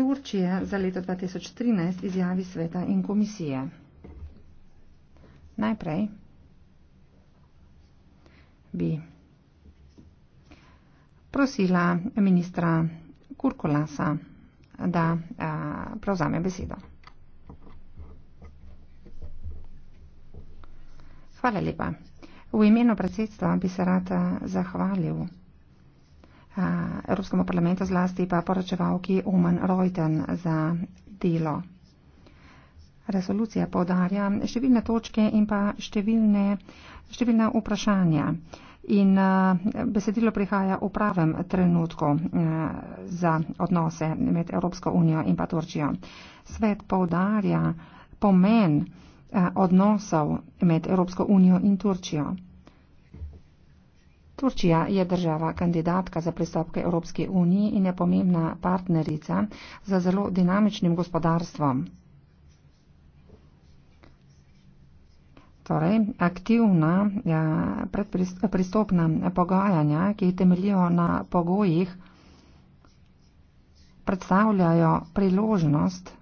Turčije za leto 2013 izjavi sveta in komisije. Najprej bi prosila ministra Kurkolasa, da a, pravzame besedo. Hvala lepa. V imenu predsedstva bi se rada zahvalil Eh, Evropskemu parlamentu zlasti pa poročevalki Oman Reuten za delo. Resolucija podarja številne točke in pa številne, številne vprašanja. In eh, besedilo prihaja v pravem trenutku eh, za odnose med Evropsko unijo in pa Turčijo. Svet poudarja pomen odnosov med Evropsko unijo in Turčijo. Turčija je država kandidatka za pristop k Evropski uniji in je pomembna partnerica za zelo dinamičnim gospodarstvom. Torej, aktivna ja, predpristopna pogajanja, ki temeljijo na pogojih, predstavljajo priložnost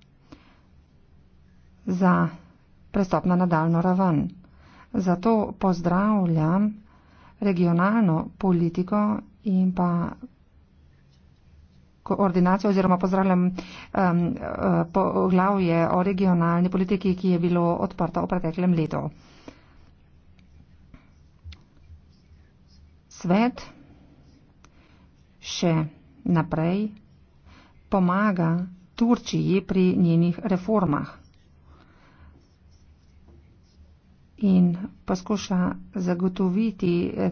za prestop na nadaljno raven. Zato pozdravljam regionalno politiko in pa koordinacijo oziroma pozdravljam um, uh, poglavje o regionalni politiki, ki je bilo odprto v preteklem letu. Svet še naprej pomaga Turčiji pri njenih reformah. in poskuša zagotoviti eh,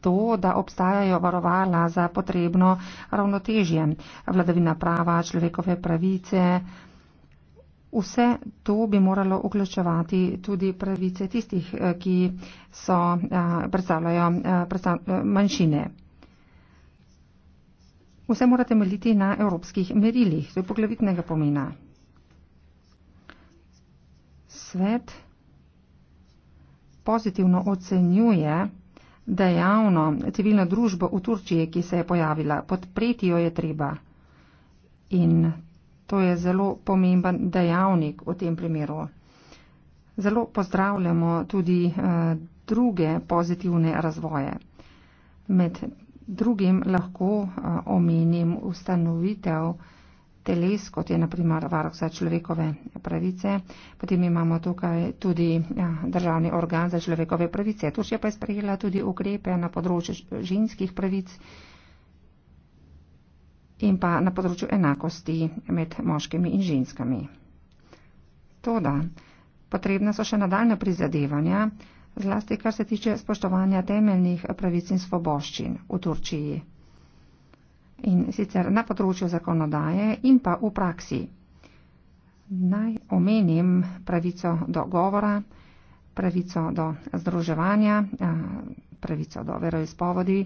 to, da obstajajo varovala za potrebno ravnotežje, vladavina prava, človekove pravice. Vse to bi moralo vključevati tudi pravice tistih, eh, ki so, eh, predstavljajo manjšine. Vse mora temeljiti na evropskih merilih, to je poglavitnega pomena. Svet pozitivno ocenjuje dejavno civilno družbo v Turčiji, ki se je pojavila. Podpreti jo je treba. In to je zelo pomemben dejavnik v tem primeru. Zelo pozdravljamo tudi eh, druge pozitivne razvoje. Med drugim lahko eh, omenim ustanovitev, teles, kot je naprimer varok za človekove pravice. Potem imamo tukaj tudi ja, državni organ za človekove pravice. Turčija pa je sprejela tudi ukrepe na področju ženskih pravic in pa na področju enakosti med moškimi in ženskami. Toda, potrebna so še nadaljne prizadevanja, zlasti kar se tiče spoštovanja temeljnih pravic in svoboščin v Turčiji in sicer na področju zakonodaje in pa v praksi. Naj omenim pravico do govora, pravico do združevanja, pravico do veroizpovedi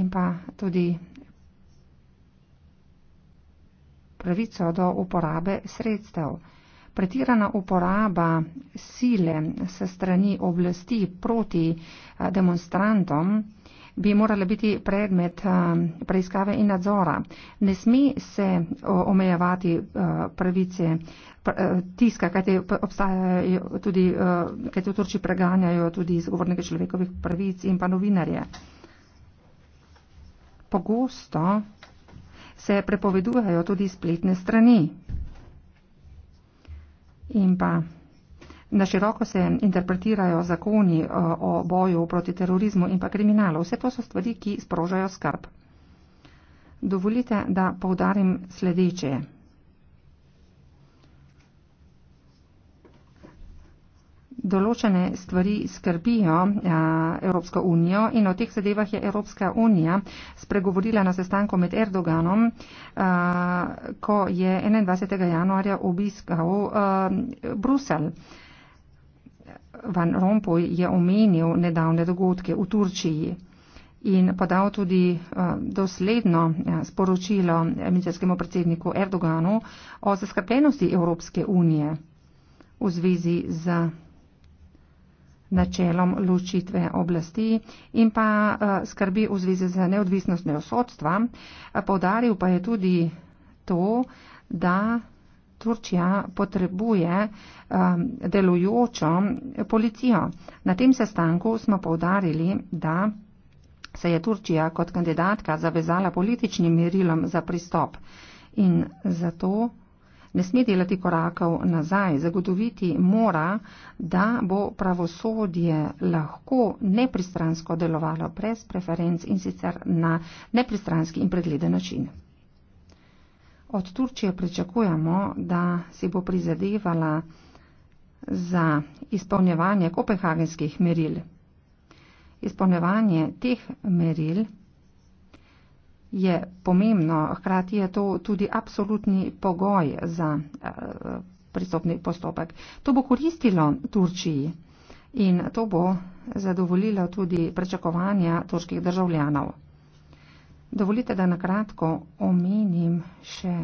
in pa tudi pravico do uporabe sredstev. Pretirana uporaba sile se strani oblasti proti demonstrantom, bi morale biti predmet eh, preiskave in nadzora. Ne sme se eh, omejevati eh, pravice tiska, kajte obstajajo tudi, kajte v Turčiji preganjajo tudi izgovornike človekovih pravic in pa novinarje. Pogosto se prepovedujejo tudi spletne strani. In pa Na široko se interpretirajo zakoni eh, o boju proti terorizmu in pa kriminalu. Vse to so stvari, ki sprožajo skrb. Dovolite, da povdarim sledeče. Določene stvari skrbijo a, eh, Evropsko unijo in o teh zadevah je Evropska unija spregovorila na sestanku med Erdoganom, a, eh, ko je 21. januarja obiskal a, Brusel. A, Van Rompuy je omenil nedavne dogodke v Turčiji in podal tudi eh, dosledno eh, sporočilo emisijskemu predsedniku Erdoganu o zaskrbljenosti Evropske unije v zvezi z načelom ločitve oblasti in pa eh, skrbi v zvezi z neodvisnostjo sodstva. Povdaril pa je tudi to, da Turčija potrebuje um, delujočo policijo. Na tem sestanku smo povdarili, da se je Turčija kot kandidatka zavezala političnim merilom za pristop in zato ne sme delati korakov nazaj. Zagotoviti mora, da bo pravosodje lahko nepristransko delovalo brez preferenc in sicer na nepristranski in pregleden način. Od Turčije pričakujemo, da si bo prizadevala za izpolnjevanje kopenhagenskih meril. Izpolnjevanje teh meril je pomembno, hkrati je to tudi absolutni pogoj za eh, pristopni postopek. To bo koristilo Turčiji in to bo zadovoljilo tudi prečakovanja turških državljanov. Dovolite, da nakratko omenim še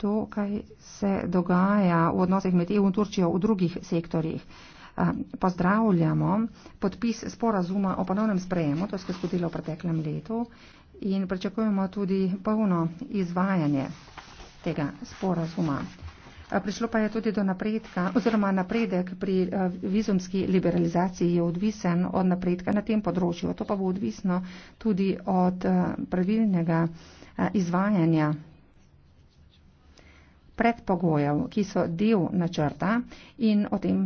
to, kaj se dogaja v odnosih med EU in Turčijo v drugih sektorjih. Pozdravljamo podpis sporazuma o ponovnem sprejemu, to se je zgodilo v preteklem letu in pričakujemo tudi polno izvajanje tega sporazuma. Prišlo pa je tudi do napredka, oziroma napredek pri eh, vizumski liberalizaciji je odvisen od napredka na tem področju. To pa bo odvisno tudi od eh, pravilnega eh, izvajanja predpogojev, ki so del načrta in o tem,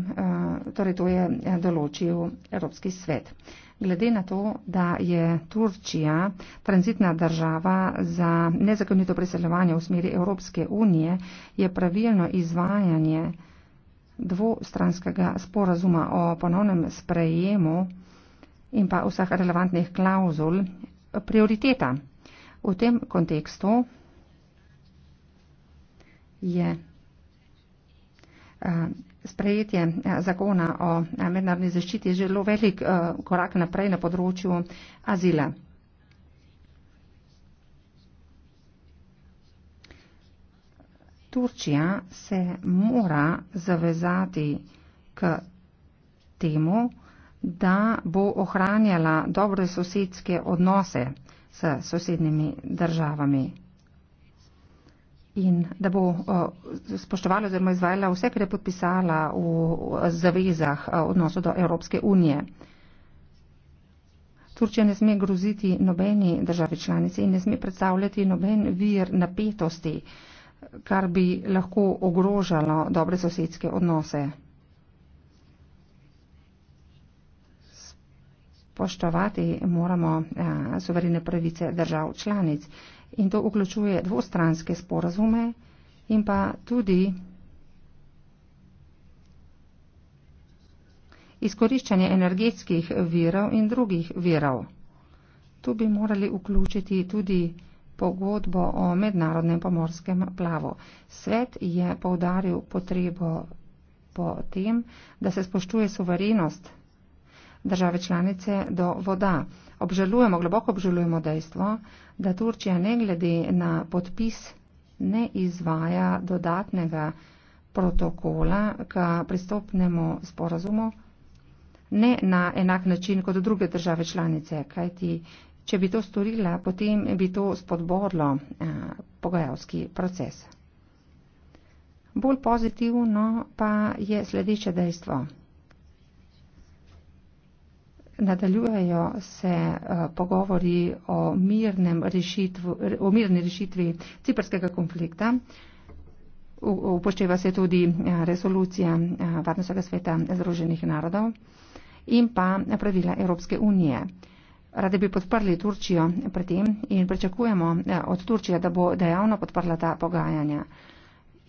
torej to je določil Evropski svet glede na to, da je Turčija tranzitna država za nezakonito priseljevanje v smeri Evropske unije, je pravilno izvajanje dvostranskega sporazuma o ponovnem sprejemu in pa vseh relevantnih klauzul prioriteta. V tem kontekstu je eh, sprejetje eh, zakona o eh, mednarodni zaščiti je želo velik eh, korak naprej na področju azila. Turčija se mora zavezati k temu, da bo ohranjala dobre sosedske odnose s sosednjimi državami in da bo eh, spoštovala oziroma izvajala vse, kar je podpisala v zavezah eh, odnosu do Evropske unije. Turčija ne sme groziti nobeni državi članici in ne sme predstavljati noben vir napetosti, kar bi lahko ogrožalo dobre sosedske odnose. Poštovati moramo eh, suverene pravice držav članic in to vključuje dvostranske sporazume in pa tudi izkoriščanje energetskih virov in drugih virov. Tu bi morali vključiti tudi pogodbo o mednarodnem pomorskem plavu. Svet je povdaril potrebo po tem, da se spoštuje suverenost države članice do voda. Obžalujemo, globoko obžalujemo dejstvo, da Turčija ne glede na podpis ne izvaja dodatnega protokola k pristopnemu sporazumu, ne na enak način kot druge države članice, kajti če bi to storila, potem bi to spodbodlo eh, pogajalski proces. Bolj pozitivno pa je sledeče dejstvo. Nadaljujejo se uh, pogovori o, rešitvu, o mirni rešitvi ciprskega konflikta. Upošteva se tudi eh, resolucija eh, Varnostnega sveta Združenih narodov in pa pravila Evropske unije. Radi bi podprli Turčijo pred tem in pričakujemo od Turčije, da bo dejavno podprla ta pogajanja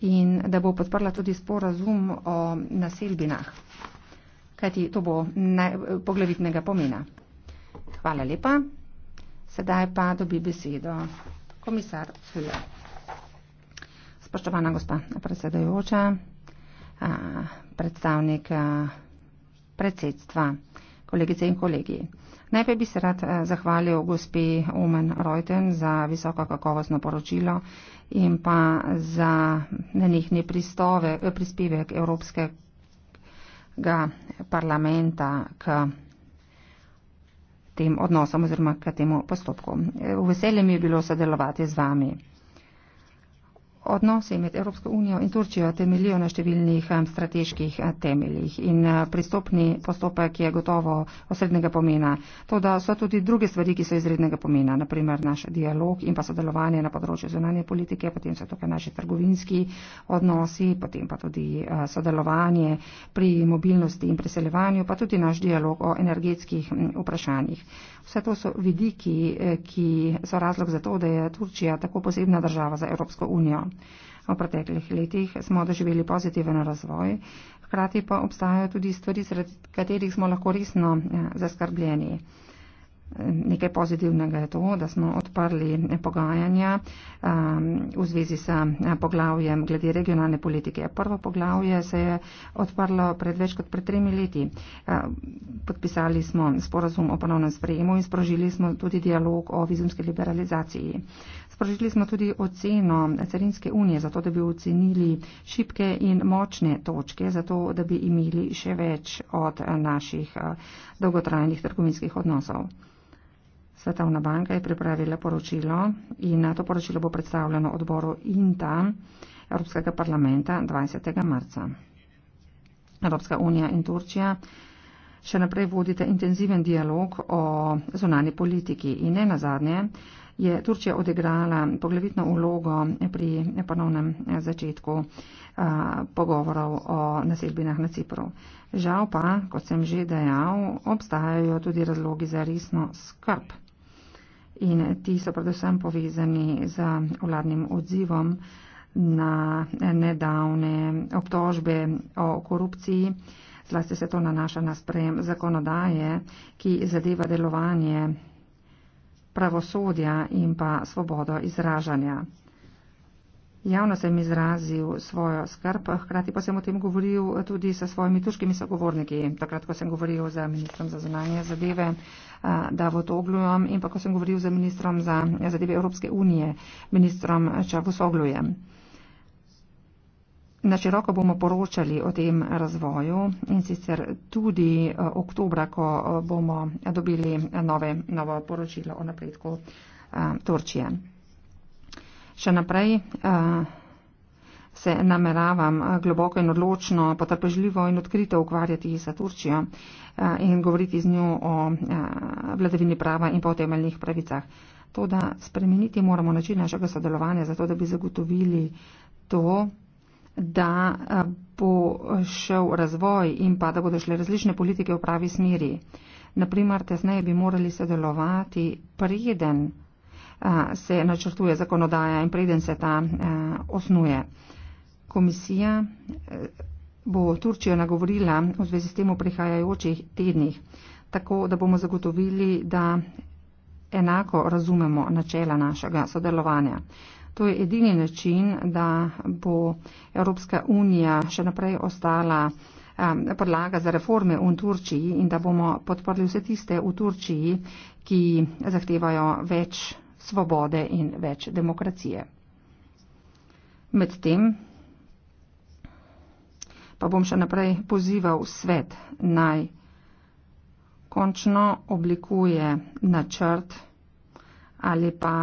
in da bo podprla tudi sporazum o naselbinah kajti to bo naj, poglavitnega pomena. Hvala lepa. Sedaj pa dobi besedo komisar Fila. Spoštovana gospa predsedajoča, predstavnik predsedstva, kolegice in kolegi. Najprej bi se rad zahvalil gospe Omen Reuten za visoko kakovostno poročilo in pa za nenehni pristove, prispevek Evropske evropskega parlamenta k tem odnosom oziroma k temu postopku. V veselje mi je bilo sodelovati z vami. Odnose med Evropsko unijo in Turčijo temeljijo na številnih strateških temeljih in eh, pristopni postopek je gotovo osrednjega pomena. To, da so tudi druge stvari, ki so izrednega pomena, naprimer naš dialog in pa sodelovanje na področju zunanje politike, potem so tukaj naši trgovinski odnosi, potem pa tudi eh, sodelovanje pri mobilnosti in preseljevanju, pa tudi naš dialog o energetskih vprašanjih. Vse to so vidiki, eh, ki so razlog za to, da je Turčija tako posebna država za Evropsko unijo. V preteklih letih smo doživeli pozitiven razvoj, hkrati pa obstajajo tudi stvari, zaradi katerih smo lahko resno eh, zaskrbljeni. Nekaj pozitivnega je to, da smo odprli eh, pogajanja ehm, v zvezi s eh, poglavjem glede regionalne politike. Prvo poglavje se je odprlo pred več kot pred tremi leti. Podpisali smo sporazum o ponovnem sprejemu in sprožili smo tudi dialog o vizumski liberalizaciji. Sprožili smo tudi oceno Carinske unije, zato da bi ocenili šibke in močne točke, zato da bi imeli še več od eh, naših eh, dolgotrajnih trgovinskih odnosov. Svetovna banka je pripravila poročilo in eh, to poročilo bo predstavljeno odboru INTA Evropskega parlamenta 20. marca. Evropska unija in Turčija še naprej vodite intenziven dialog o zunani politiki in ne nazadnje je Turčija odigrala poglavitno ulogo pri ponovnem eh, začetku eh, pogovorov o naselbinah na Cipru. Žal pa, kot sem že dejal, obstajajo tudi razlogi za resno skrb. In ti so predvsem povezani z vladnim odzivom na eh, nedavne obtožbe o korupciji. Zlasti se to nanaša na sprejem zakonodaje, ki zadeva delovanje pravosodja in pa svobodo izražanja. Javno sem izrazil svojo skrb, hkrati pa sem o tem govoril tudi sa svojimi tuškimi sogovorniki. Takrat, ko sem govoril za ministrom za zunanje zadeve Davo Toglujem in pa ko sem govoril za ministrom za zadeve Evropske unije, ministrom Čavusoglujem. Načeloma bomo poročali o tem razvoju in sicer tudi eh, oktobra, ko eh, bomo dobili nove, novo poročilo o napredku a, eh, Turčije. Še naprej a, se nameravam globoko in odločno, potrpežljivo in odkrito ukvarjati sa Turčijo a, in govoriti z njo o a, vladavini prava in pa o temeljnih pravicah. To, da spremeniti moramo način našega sodelovanja, zato da bi zagotovili to, da eh, bo šel razvoj in pa da bodo šle različne politike v pravi smeri. Naprimer, tesneje bi morali sodelovati preden eh, se načrtuje zakonodaja in preden se ta eh, osnuje. Komisija bo Turčijo nagovorila v zvezi s tem v prihajajočih tednih, tako da bomo zagotovili, da enako razumemo načela našega sodelovanja. To je edini način, da bo Evropska unija še naprej ostala um, podlaga za reforme v Turčiji in da bomo podprli vse tiste v Turčiji, ki zahtevajo več svobode in več demokracije. Medtem pa bom še naprej pozival svet naj končno oblikuje načrt ali pa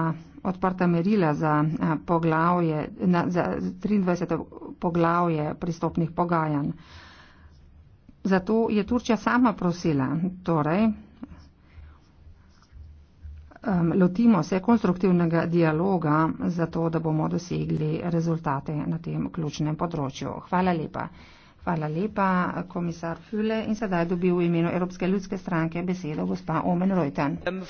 odprta merila za, eh, poglavje, na, za 23. poglavje pristopnih pogajanj. Zato je Turčja sama prosila, torej, um, lotimo se konstruktivnega dialoga, zato da bomo dosegli rezultate na tem ključnem področju. Hvala lepa. Hvala lepa, komisar Füle. In sedaj dobi v imenu Evropske ljudske stranke besedo gospa Omen Reuten. Um,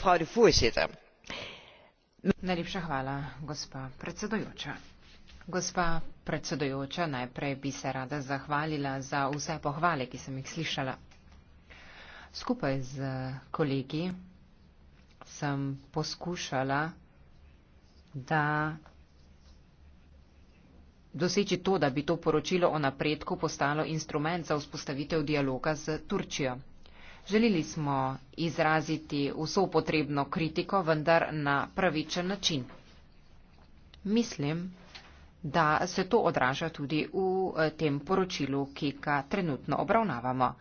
najlepša hvala gospa predsedujoča gospa predsedujoča najprej bi se rada zahvalila za vse pohvale ki sem jih slišala skupaj z kolegi sem poskušala da doseči to, da bi to poročilo o napredku postalo instrument za vzpostavitev dialoga z Turčijo. Želeli smo izraziti vso potrebno kritiko, vendar na pravičen način. Mislim, da se to odraža tudi v eh, tem poročilu, ki ga trenutno obravnavamo.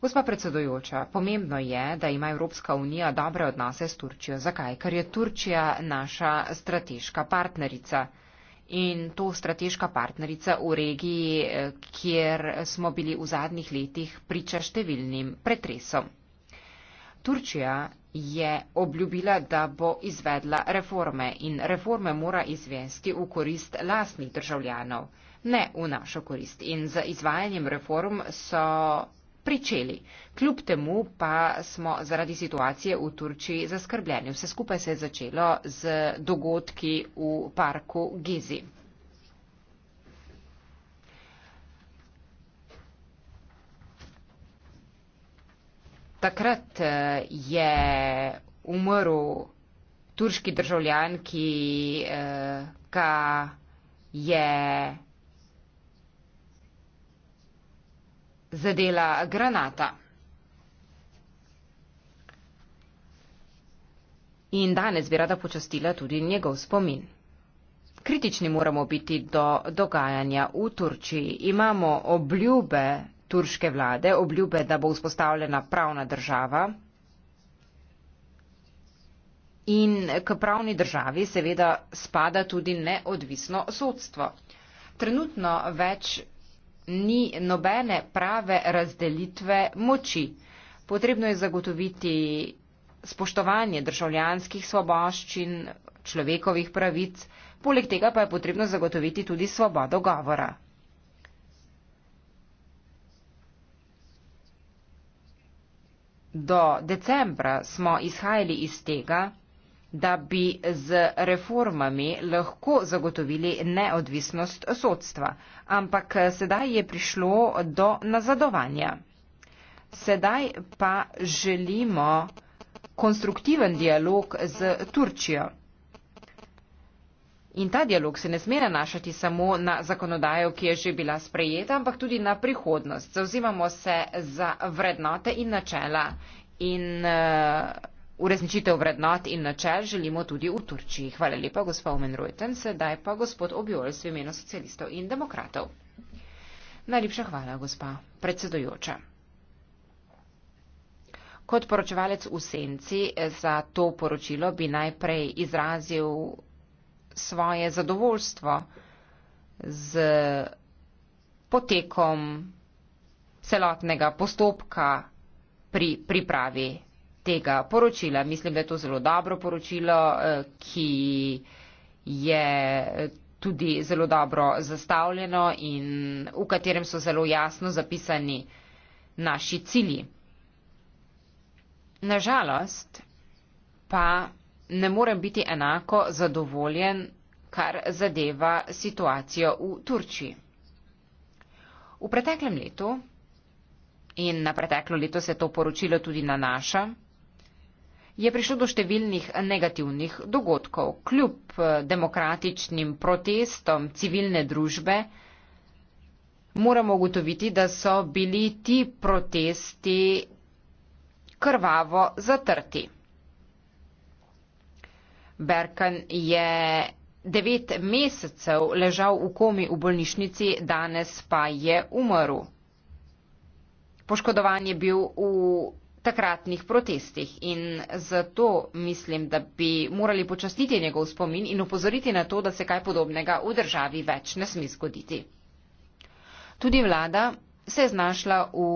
Gospa predsedujoča, pomembno je, da ima Evropska unija dobre odnose s Turčijo. Zakaj? Ker je Turčija naša strateška partnerica in to strateška partnerica v regiji, eh, kjer smo bili v zadnjih letih priča številnim pretresom. Turčija je obljubila, da bo izvedla reforme in reforme mora izvesti v korist lastnih državljanov, ne v našo korist. In za izvajanjem reform so pričeli. Kljub temu pa smo zaradi situacije v Turčiji zaskrbljeni. Vse skupaj se je začelo z dogodki v parku Gizi. Takrat eh, je umrl turški državljan, ki eh, ga je zadela granata. In danes bi rada počastila tudi njegov spomin. Kritični moramo biti do dogajanja v Turčiji. Imamo obljube turške vlade, obljube, da bo vzpostavljena pravna država. In k pravni državi seveda spada tudi neodvisno sodstvo. Trenutno več ni nobene prave razdelitve moči. Potrebno je zagotoviti spoštovanje državljanskih svoboščin, človekovih pravic, poleg tega pa je potrebno zagotoviti tudi svobodo govora. Do decembra smo izhajali iz tega, da bi z reformami lahko zagotovili neodvisnost sodstva, ampak eh, sedaj je prišlo do nazadovanja. Sedaj pa želimo konstruktiven dialog z Turčijo. In ta dialog se ne sme nanašati samo na zakonodajo, ki je že bila sprejeta, ampak tudi na prihodnost. Zauzimamo se za vrednote in načela. In, uh, Uresničitev vrednot in načel želimo tudi v Turčiji. Hvala lepa, gospod Omen Rojten, sedaj pa gospod Objol s imenom socialistov in demokratov. Najlepša hvala, gospa predsedojoča. Kot poročevalec v senci eh, za to poročilo bi najprej izrazil svoje zadovoljstvo z potekom celotnega postopka pri pripravi tega poročila. Mislim, da je to zelo dobro poročilo, eh, ki je eh, tudi zelo dobro zastavljeno in v katerem so zelo jasno zapisani naši cilji. Nažalost pa ne morem biti enako zadovoljen, kar zadeva situacijo v Turčiji. V preteklem letu in na preteklo leto se to poročilo tudi nanaša, na je prišlo do številnih negativnih dogodkov. Kljub eh, demokratičnim protestom civilne družbe moramo ugotoviti, da so bili ti protesti krvavo zatrti. Berkan je devet mesecev ležal v komi v bolnišnici, danes pa je umrl. Poškodovan je bil v takratnih protestih in zato mislim, da bi morali počastiti njegov spomin in upozoriti na to, da se kaj podobnega v državi več ne smi zgoditi. Tudi vlada se je znašla v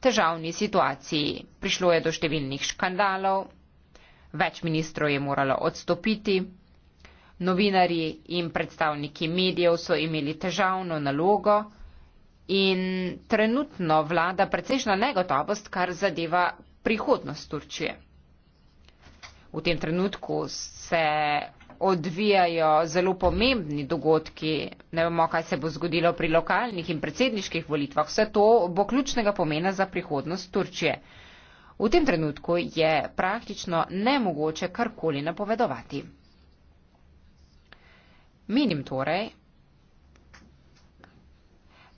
težavni situaciji. Prišlo je do številnih škandalov, več ministrov je moralo odstopiti, novinari in predstavniki medijev so imeli težavno nalogo, in trenutno vlada precejšna negotovost, kar zadeva prihodnost Turčije. V tem trenutku se odvijajo zelo pomembni dogodki, ne vemo, kaj se bo zgodilo pri lokalnih in predsedniških volitvah. Vse to bo ključnega pomena za prihodnost Turčije. V tem trenutku je praktično nemogoče karkoli napovedovati. Menim torej,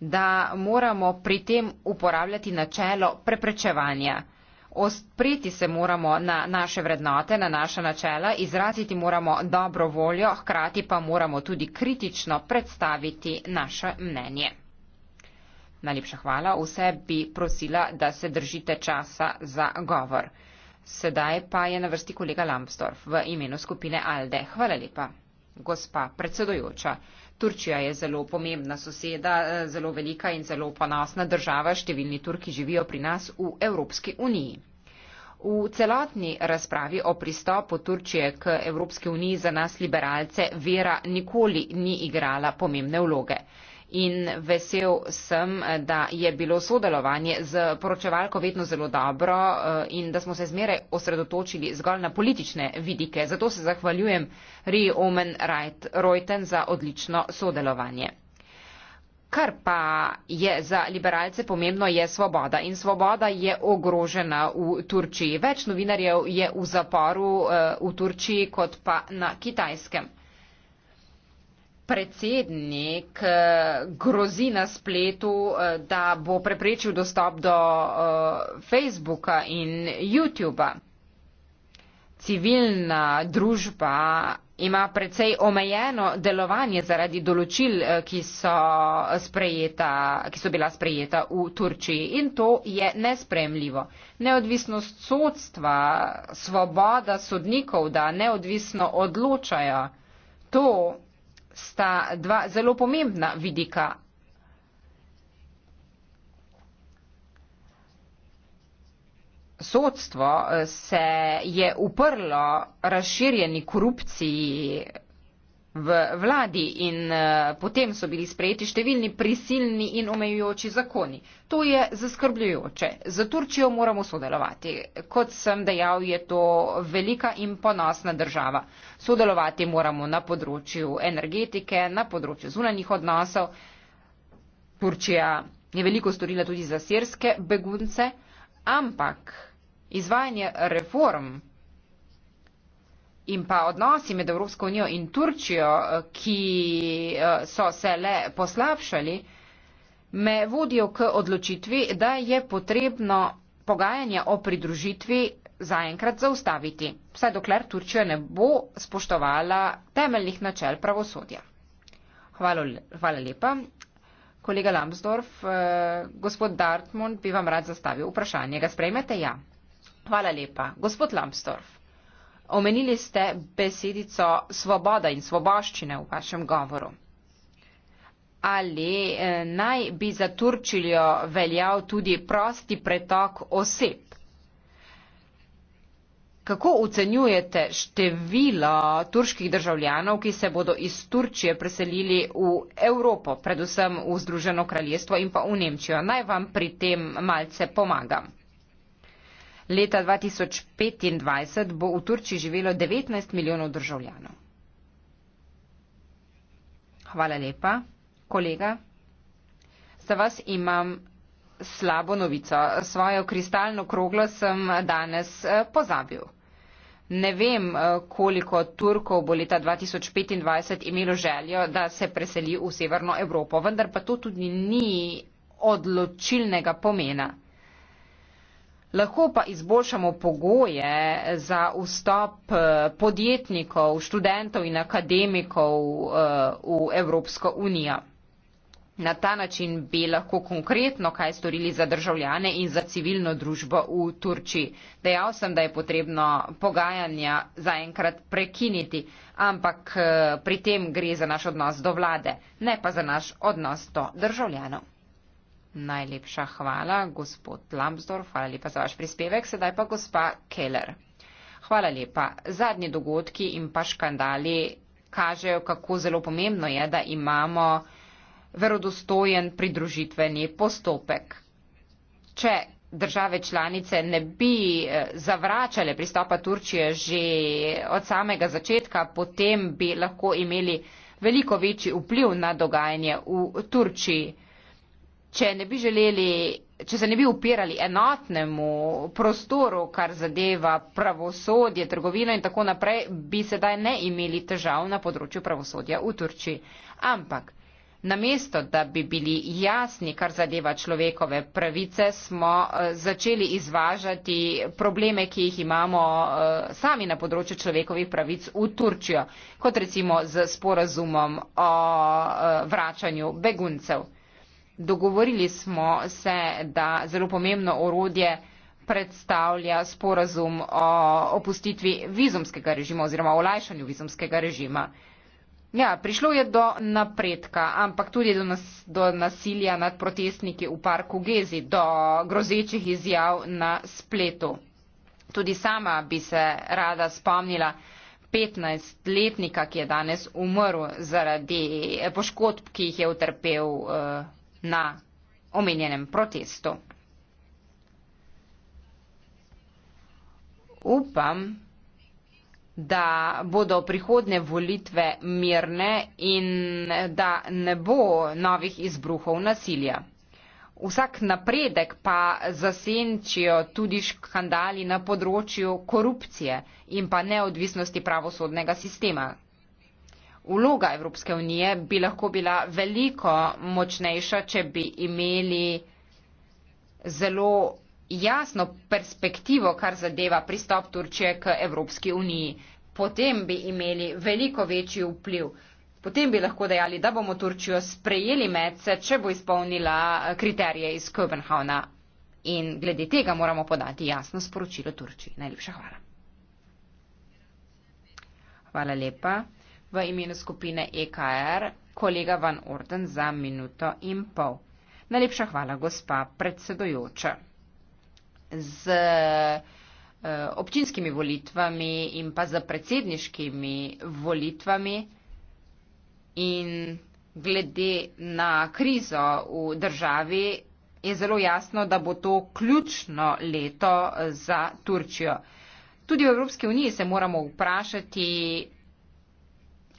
da moramo pri tem uporabljati načelo preprečevanja. Ospreti se moramo na naše vrednote, na naša načela, izraziti moramo dobro voljo, hkrati pa moramo tudi kritično predstaviti naše mnenje. Najlepša hvala, vse bi prosila, da se držite časa za govor. Sedaj pa je na vrsti kolega Lambsdorff v imenu skupine Alde. Hvala lepa, gospa predsedojoča. Turčija je zelo pomembna soseda, eh, zelo velika in zelo ponosna država, številni Turki živijo pri nas v Evropski uniji. V celotni razpravi o pristopu Turčije k Evropski uniji za nas liberalce vera nikoli ni igrala pomembne vloge in vesel sem, da je bilo sodelovanje z poročevalko vedno zelo dobro eh, in da smo se zmeraj osredotočili zgolj na politične vidike. Zato se zahvaljujem Rii Omen Reuten za odlično sodelovanje. Kar pa je za liberalce pomembno, je svoboda. In svoboda je ogrožena v Turčiji. Več novinarjev je v zaporu eh, v Turčiji kot pa na kitajskem predsednik eh, grozi na spletu, eh, da bo preprečil dostop do eh, Facebooka in YouTuba. Civilna družba ima precej omejeno delovanje zaradi določil, ki so, sprejeta, ki so bila sprejeta v Turčiji in to je nespremljivo. Neodvisnost sodstva, svoboda sodnikov, da neodvisno odločajo, to sta dva zelo pomembna vidika. Sodstvo eh, se je uprlo razširjeni korupciji v vladi in eh, potem so bili sprejeti številni prisilni in omejujoči zakoni. To je zaskrbljujoče. Za Turčijo moramo sodelovati. Kot sem dejal, je to velika in ponosna država. Sodelovati moramo na področju energetike, na področju zunanjih odnosov. Turčija je veliko storila tudi za sirske begunce, ampak izvajanje reform In pa odnosi med Evropsko unijo in Turčijo, eh, ki eh, so se le poslabšali, me vodijo k odločitvi, da je potrebno pogajanja o pridružitvi zaenkrat zaustaviti, vsaj dokler Turčija ne bo spoštovala temeljnih načel pravosodja. Hvala, hvala lepa. Kolega Lambsdorf, eh, gospod Dartmund bi vam rad zastavil vprašanje. Ga sprejmete? Ja. Hvala lepa. Gospod Lambsdorf. Omenili ste besedico svoboda in svoboščine v vašem govoru. Ali eh, naj bi za Turčijo veljal tudi prosti pretok oseb? Kako ocenjujete število turških državljanov, ki se bodo iz Turčije preselili v Evropo, predvsem v Združeno kraljestvo in pa v Nemčijo? Naj vam pri tem malce pomagam. Leta 2025 bo v Turčiji živelo 19 milijonov državljanov. Hvala lepa, kolega. Za vas imam slabo novico. Svojo kristalno kroglo sem danes eh, pozabil. Ne vem, eh, koliko Turkov bo leta 2025 imelo željo, da se preseli v Severno Evropo, vendar pa to tudi ni odločilnega pomena. Lahko pa izboljšamo pogoje za vstop eh, podjetnikov, študentov in akademikov eh, v Evropsko unijo. Na ta način bi lahko konkretno kaj storili za državljane in za civilno družbo v Turčiji. Dejal sem, da je potrebno pogajanja zaenkrat prekiniti, ampak eh, pri tem gre za naš odnos do vlade, ne pa za naš odnos do državljanov. Najlepša hvala, gospod Lambsdorff, hvala lepa za vaš prispevek. Sedaj pa gospa Keller. Hvala lepa. Zadnji dogodki in pa škandali kažejo, kako zelo pomembno je, da imamo verodostojen pridružitveni postopek. Če države članice ne bi eh, zavračale pristopa Turčije že od samega začetka, potem bi lahko imeli veliko večji vpliv na dogajanje v Turčiji če ne bi želeli. Če se ne bi upirali enotnemu prostoru, kar zadeva pravosodje, trgovino in tako naprej, bi sedaj ne imeli težav na področju pravosodja v Turčiji. Ampak, namesto, da bi bili jasni, kar zadeva človekove pravice, smo eh, začeli izvažati probleme, ki jih imamo eh, sami na področju človekovih pravic v Turčijo, kot recimo z sporazumom o eh, vračanju beguncev dogovorili smo se, da zelo pomembno orodje predstavlja sporazum o opustitvi vizumskega režima oziroma olajšanju vizumskega režima. Ja, prišlo je do napredka, ampak tudi do, nas, do nasilja nad protestniki v parku Gezi, do grozečih izjav na spletu. Tudi sama bi se rada spomnila 15-letnika, ki je danes umrl zaradi poškodb, ki jih je utrpel eh, na omenjenem protestu. Upam, da bodo prihodne volitve mirne in da ne bo novih izbruhov nasilja. Vsak napredek pa zasenčijo tudi škandali na področju korupcije in pa neodvisnosti pravosodnega sistema, vloga Evropske unije bi lahko bila veliko močnejša, če bi imeli zelo jasno perspektivo, kar zadeva pristop Turčije k Evropski uniji. Potem bi imeli veliko večji vpliv. Potem bi lahko dejali, da bomo Turčijo sprejeli med se, če bo izpolnila eh, kriterije iz Kopenhavna. In glede tega moramo podati jasno sporočilo Turčiji. Najlepša hvala. Hvala lepa v imenu skupine EKR kolega Van Orden za minuto in pol. Najlepša hvala, gospa predsedojoča. Z eh, občinskimi volitvami in pa z predsedniškimi volitvami in glede na krizo v državi je zelo jasno, da bo to ključno leto za Turčijo. Tudi v Evropski uniji se moramo vprašati,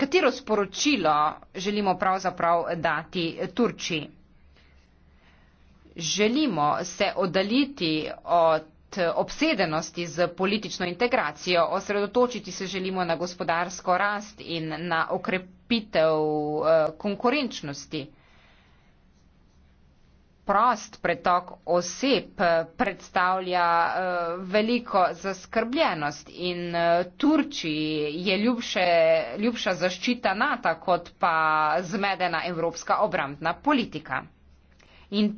Katero sporočilo želimo pravzaprav dati Turčiji? Želimo se oddaliti od obsedenosti z politično integracijo, osredotočiti se želimo na gospodarsko rast in na okrepitev eh, konkurenčnosti prost pretok oseb eh, predstavlja eh, veliko zaskrbljenost in eh, Turčiji je ljubše, ljubša zaščita NATO kot pa zmedena evropska obrambna politika. In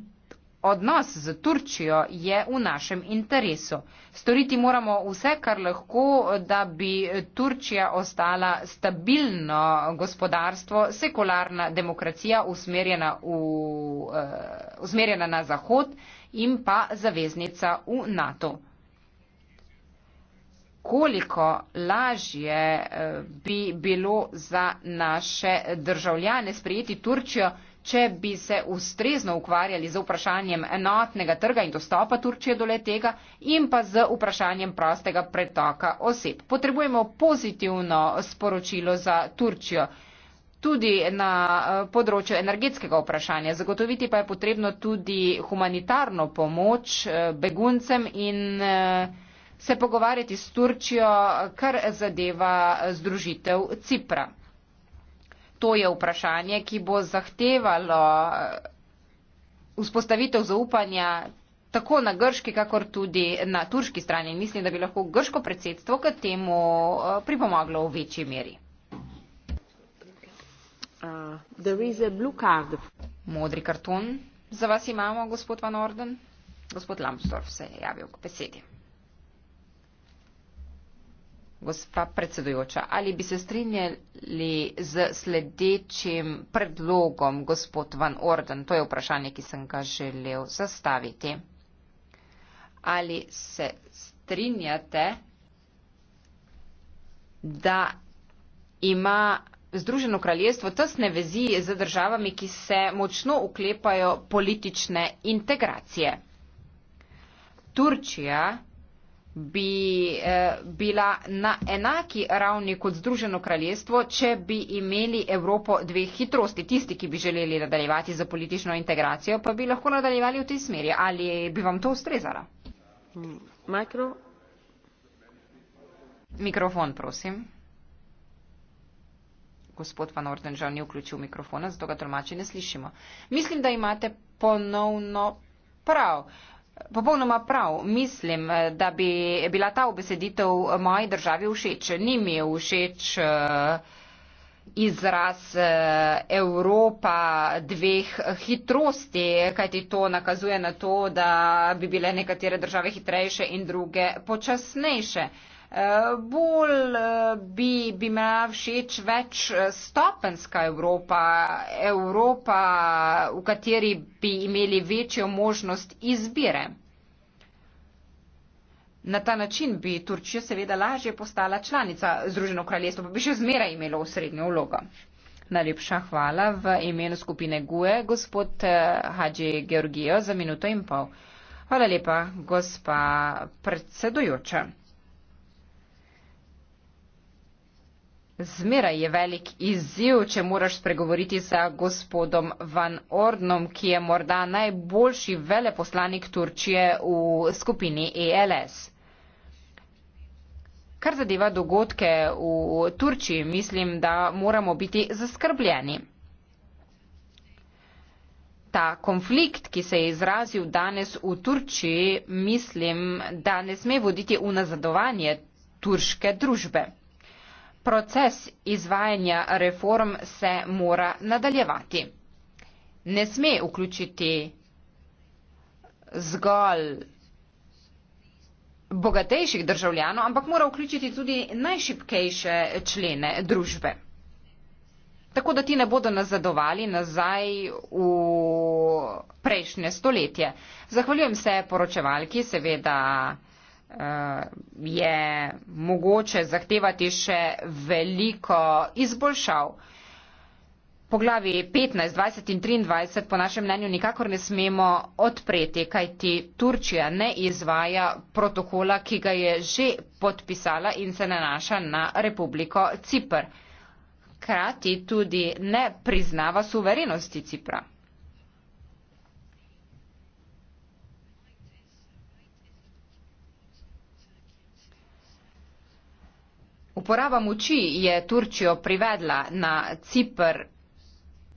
odnos z Turčijo je v našem interesu. Storiti moramo vse, kar lahko, da bi Turčija ostala stabilno gospodarstvo, sekularna demokracija usmerjena, v, uh, usmerjena na Zahod in pa zaveznica v NATO. Koliko lažje eh, bi bilo za naše državljane sprejeti Turčijo, če bi se ustrezno ukvarjali z vprašanjem enotnega trga in dostopa Turčije do letega in pa z vprašanjem prostega pretoka oseb. Potrebujemo pozitivno sporočilo za Turčijo tudi na eh, področju energetskega vprašanja. Zagotoviti pa je potrebno tudi humanitarno pomoč eh, beguncem in eh, se pogovarjati s Turčijo, kar zadeva združitev Cipra to je vprašanje, ki bo zahtevalo eh, vzpostavitev zaupanja tako na grški, kakor tudi na turški strani. Mislim, da bi lahko grško predsedstvo k temu eh, pripomoglo v večji meri. Uh, Modri karton za vas imamo, gospod Van Orden. Gospod Lambsdorff se je javil k besedi. Gospa predsedujoča, ali bi se strinjali z sledečim predlogom, gospod Van Orden, to je vprašanje, ki sem ga želel zastaviti. Ali se strinjate, da ima Združeno kraljestvo tesne vezi z državami, ki se močno uklepajo politične integracije? Turčija bi eh, bila na enaki ravni kot Združeno kraljestvo, če bi imeli Evropo dve hitrosti. Tisti, ki bi želeli nadaljevati za politično integracijo, pa bi lahko nadaljevali v tej smeri. Ali bi vam to ustrezala? Mikro. Mikrofon, prosim. Gospod Van Orden žal ni vključil mikrofona, zato ga tolmači ne slišimo. Mislim, da imate ponovno prav. Uh, Popolnoma prav, mislim, da bi bila ta obeseditev moji državi všeč. Ni mi je všeč eh, izraz eh, Evropa dveh hitrosti, kajti to nakazuje na to, da bi bile nekatere države hitrejše in druge počasnejše. Eh, bolj eh, bi, bi me všeč več eh, stopenska Evropa, Evropa, v kateri bi imeli večjo možnost izbire. Na ta način bi Turčija seveda lažje postala članica Združeno kraljestvo, pa bi še zmeraj imelo srednjo vlogo. Najlepša hvala v imenu skupine GUE, gospod Hadži Georgijo, za minuto in pol. Hvala lepa, gospa predsedujoča. Zmeraj je velik izziv, če moraš spregovoriti za gospodom Van Ordnom, ki je morda najboljši veleposlanik Turčije v skupini ELS. Kar zadeva dogodke v Turčiji, mislim, da moramo biti zaskrbljeni. Ta konflikt, ki se je izrazil danes v Turčiji, mislim, da ne sme voditi v nazadovanje turške družbe. Proces izvajanja reform se mora nadaljevati. Ne sme vključiti zgolj bogatejših državljanov, ampak mora vključiti tudi najšipkejše člene družbe. Tako da ti ne bodo nazadovali nazaj v prejšnje stoletje. Zahvaljujem se poročevalki, seveda. Eh, je mogoče zahtevati še veliko izboljšav. Poglavi 15, 20 in 23 po našem mnenju nikakor ne smemo odpreti, kajti Turčija ne izvaja protokola, ki ga je že podpisala in se nanaša na Republiko Cipr. Hkrati tudi ne priznava suverenosti Cipra. uporaba moči je Turčijo privedla na Cipr,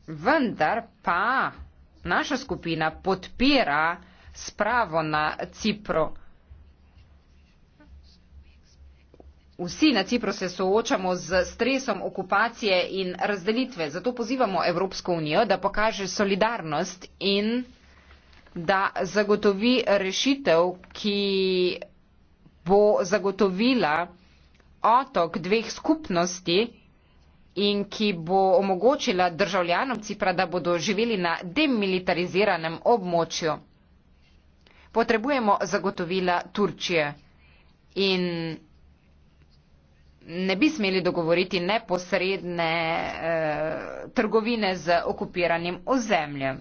vendar pa naša skupina podpira spravo na Cipru. Vsi na Cipru se soočamo z stresom okupacije in razdelitve, zato pozivamo Evropsko unijo, da pokaže solidarnost in da zagotovi rešitev, ki bo zagotovila otok dveh skupnosti in ki bo omogočila državljanom Cipra, da bodo živeli na demilitariziranem območju. Potrebujemo zagotovila Turčije in ne bi smeli dogovoriti neposredne eh, trgovine z okupiranim ozemljem.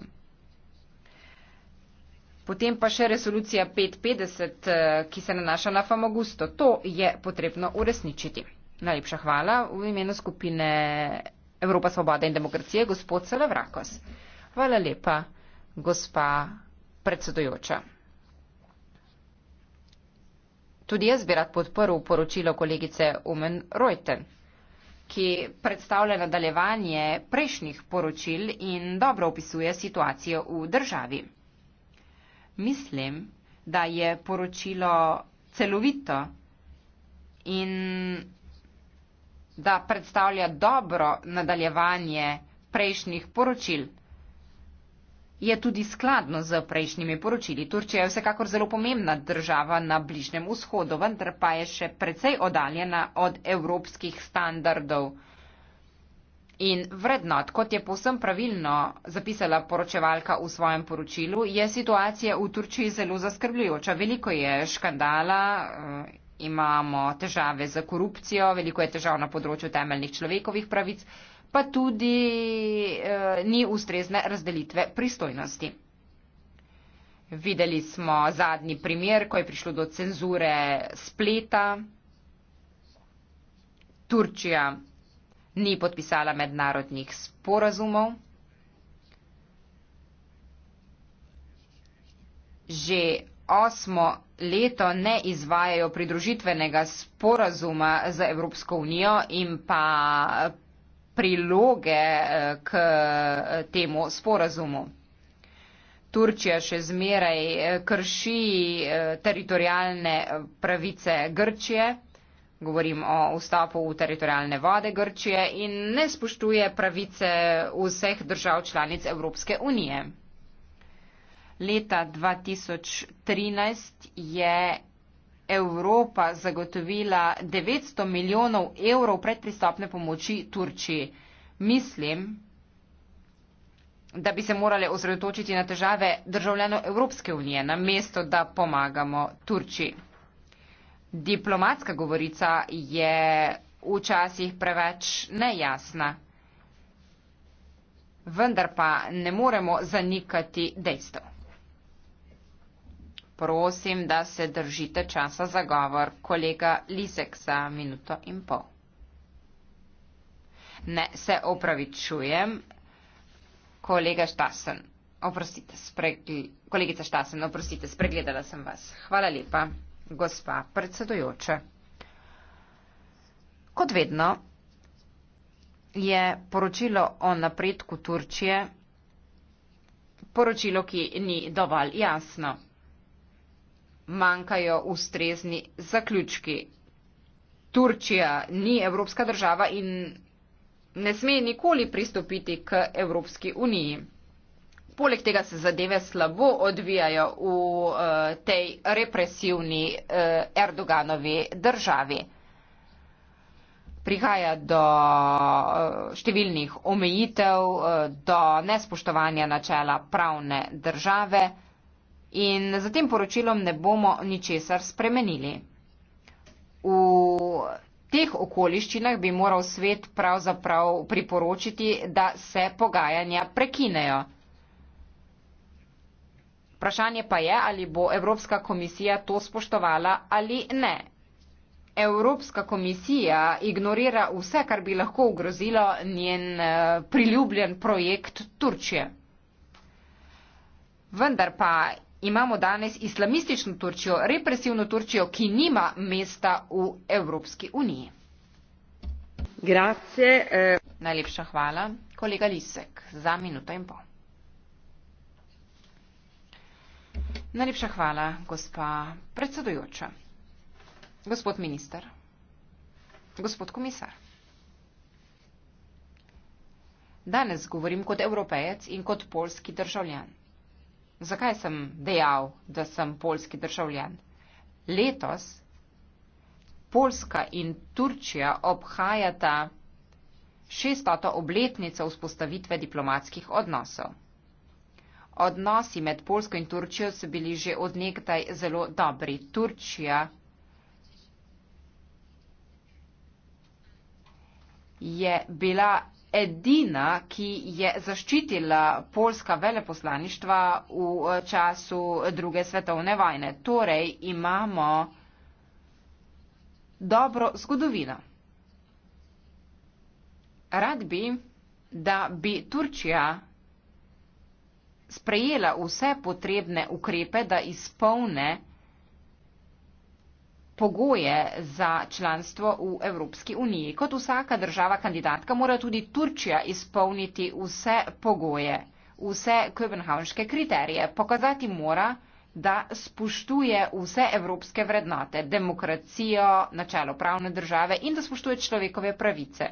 Potem pa še resolucija 550, eh, ki se nanaša na Famagusto. To je potrebno uresničiti. Najlepša hvala v imenu skupine Evropa Svoboda in Demokracije, gospod Selevrakos. Hvala lepa, gospa predsedojoča. Tudi jaz bi rad podprl poročilo kolegice Umen Reuten, ki predstavlja nadaljevanje prejšnjih poročil in dobro opisuje situacijo v državi mislim, da je poročilo celovito in da predstavlja dobro nadaljevanje prejšnjih poročil. Je tudi skladno z prejšnjimi poročili. Turčija je vsekakor zelo pomembna država na Bližnjem vzhodu, vendar pa je še precej oddaljena od evropskih standardov. In vrednot, kot je posem pravilno zapisala poročevalka v svojem poročilu, je situacija v Turčiji zelo zaskrbljujoča. Veliko je škandala, eh, imamo težave za korupcijo, veliko je težav na področju temeljnih človekovih pravic, pa tudi eh, ni ustrezne razdelitve pristojnosti. Videli smo zadnji primer, ko je prišlo do cenzure spleta. Turčija ni podpisala mednarodnih sporazumov. Že osmo leto ne izvajajo pridružitvenega sporazuma za Evropsko unijo in pa priloge eh, k eh, temu sporazumu. Turčija še zmeraj eh, krši teritorijalne pravice Grčije govorim o vstopu v teritorijalne vode Grčije in ne spoštuje pravice vseh držav članic Evropske unije. Leta 2013 je Evropa zagotovila 900 milijonov evrov predpristopne pomoči Turčiji. Mislim, da bi se morali osredotočiti na težave državljanov Evropske unije, namesto da pomagamo Turčiji. Diplomatska govorica je včasih preveč nejasna. Vendar pa ne moremo zanikati dejstev. Prosim, da se držite časa za govor kolega Liseksa minuto in pol. Ne, se opravičujem. Kolega Štasen, oprostite, spregl... kolegica Štasen, oprostite, spregledala sem vas. Hvala lepa gospa predsedujoča. Kot vedno je poročilo o napredku Turčije poročilo, ki ni dovolj jasno. Manjkajo ustrezni zaključki. Turčija ni evropska država in ne sme nikoli pristopiti k Evropski uniji poleg tega se zadeve slabo odvijajo v uh, tej represivni uh, Erdoganovi državi. Prihaja do eh, številnih omejitev, do nespoštovanja načela pravne države in za tem poročilom ne bomo ničesar spremenili. V teh okoliščinah bi moral svet pravzaprav priporočiti, da se pogajanja prekinejo. Vprašanje pa je, ali bo Evropska komisija to spoštovala ali ne. Evropska komisija ignorira vse, kar bi lahko ogrozilo njen eh, priljubljen projekt Turčije. Vendar pa imamo danes islamistično Turčijo, represivno Turčijo, ki nima mesta v Evropski uniji. Grazie. Eh. Najlepša hvala, kolega Lisek, za minuto in pol. Najlepša hvala, gospa predsedujoča. Gospod minister. Gospod komisar. Danes govorim kot evropejec in kot polski državljan. Zakaj sem dejal, da sem polski državljan? Letos Polska in Turčija obhajata 600. obletnico vzpostavitve diplomatskih odnosov. Odnosi med Polsko in Turčijo so bili že od nekdaj zelo dobri. Turčija je bila edina, ki je zaščitila polska veleposlaništva v eh, času druge svetovne vojne. Torej imamo dobro zgodovino. Rad bi, da bi Turčija sprejela vse potrebne ukrepe, da izpolne pogoje za članstvo v Evropski uniji. Kot vsaka država kandidatka mora tudi Turčija izpolniti vse pogoje, vse kopenhavnske kriterije. Pokazati mora, da spoštuje vse evropske vrednote, demokracijo, načelo pravne države in da spoštuje človekove pravice.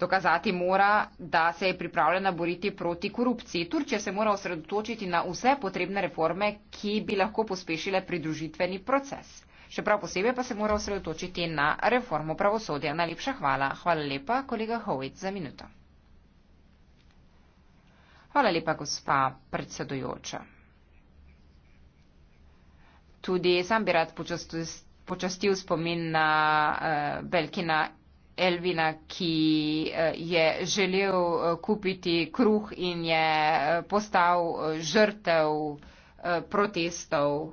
Dokazati mora, da se je pripravljena boriti proti korupciji. Turčija se mora osredotočiti na vse potrebne reforme, ki bi lahko pospešile pridružitveni proces. Še prav posebej pa se mora osredotočiti na reformo pravosodja. Najlepša hvala. Hvala lepa, kolega Hovic, za minuto. Hvala lepa, gospa predsedujoča. Tudi sam bi rad počastil spomin na uh, Belkina Elvina, ki eh, je želel eh, kupiti kruh in je eh, postal žrtev protestov.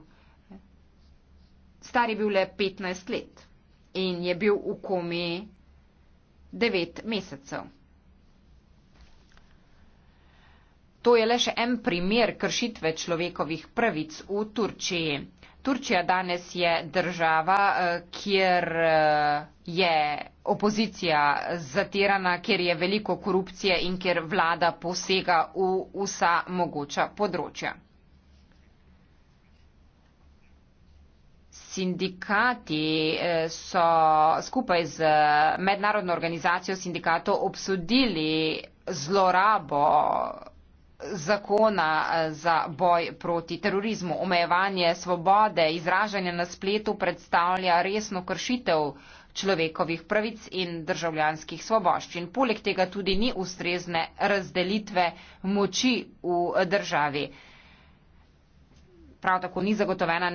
Star je bil le 15 let in je bil v komi 9 mesecev. To je le še en primer kršitve človekovih pravic v Turčiji. Turčija danes je država, eh, kjer eh, je opozicija zatirana, kjer je veliko korupcije in kjer vlada posega v vsa mogoča področja. Sindikati eh, so skupaj z mednarodno organizacijo sindikatov obsodili zlorabo zakona eh, za boj proti terorizmu. Omejevanje svobode izražanja na spletu predstavlja resno kršitev človekovih pravic in državljanskih svoboščin. Poleg tega tudi ni ustrezne razdelitve moči v državi. Prav tako ni zagotovljena,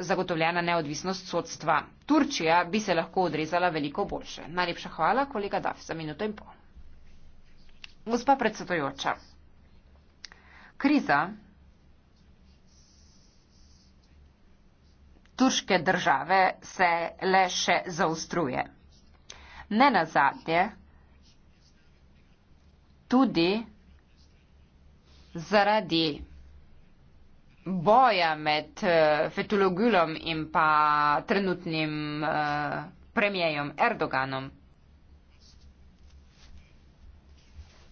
zagotovljena neodvisnost sodstva. Turčija bi se lahko odrezala veliko boljše. Najlepša hvala, kolega Daf, za minuto in pol. Gospa predsedojoča, kriza turške države se le še zaustruje. Ne nazadnje, tudi zaradi boja med eh, Fetulogulom in pa trenutnim eh, premijejem Erdoganom.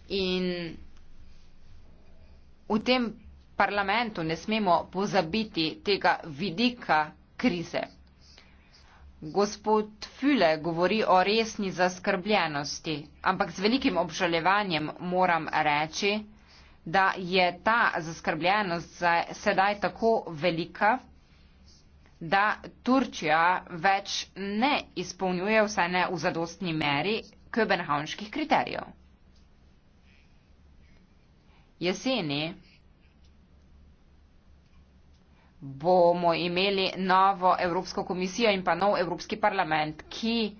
In v tem parlamentu ne smemo pozabiti tega vidika krize. Gospod Füle govori o resni zaskrbljenosti, ampak z velikim obžalevanjem moram reči, da je ta zaskrbljenost sedaj tako velika, da Turčija več ne izpolnjuje vsaj ne v zadostni meri Köbenhavnških kriterijev. Jeseni bomo imeli novo Evropsko komisijo in pa nov Evropski parlament, ki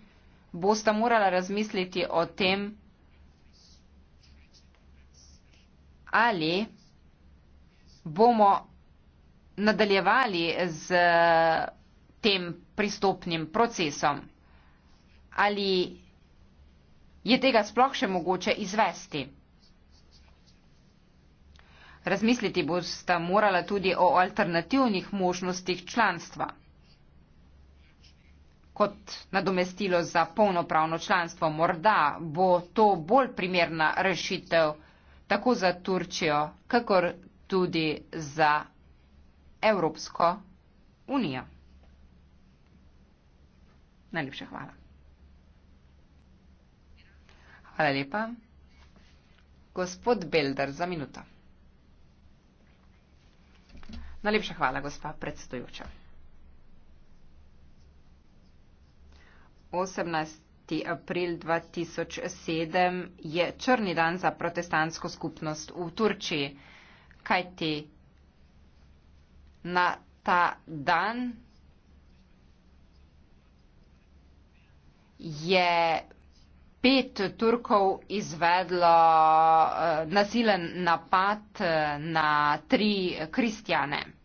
bosta morala razmisliti o tem, ali bomo nadaljevali z tem pristopnim procesom, ali je tega sploh še mogoče izvesti. Razmisliti bosta morala tudi o alternativnih možnostih članstva kot nadomestilo za polnopravno članstvo. Morda bo to bolj primerna rešitev tako za Turčijo, kakor tudi za Evropsko unijo. Najlepša hvala. Hvala lepa. Gospod Belder za minuto. Najlepša hvala, gospa predstojoča. 18. april 2007 je črni dan za protestantsko skupnost v Turčiji, kajti na ta dan je pet Turkov izvedlo eh, nasilen napad eh, na tri kristjane.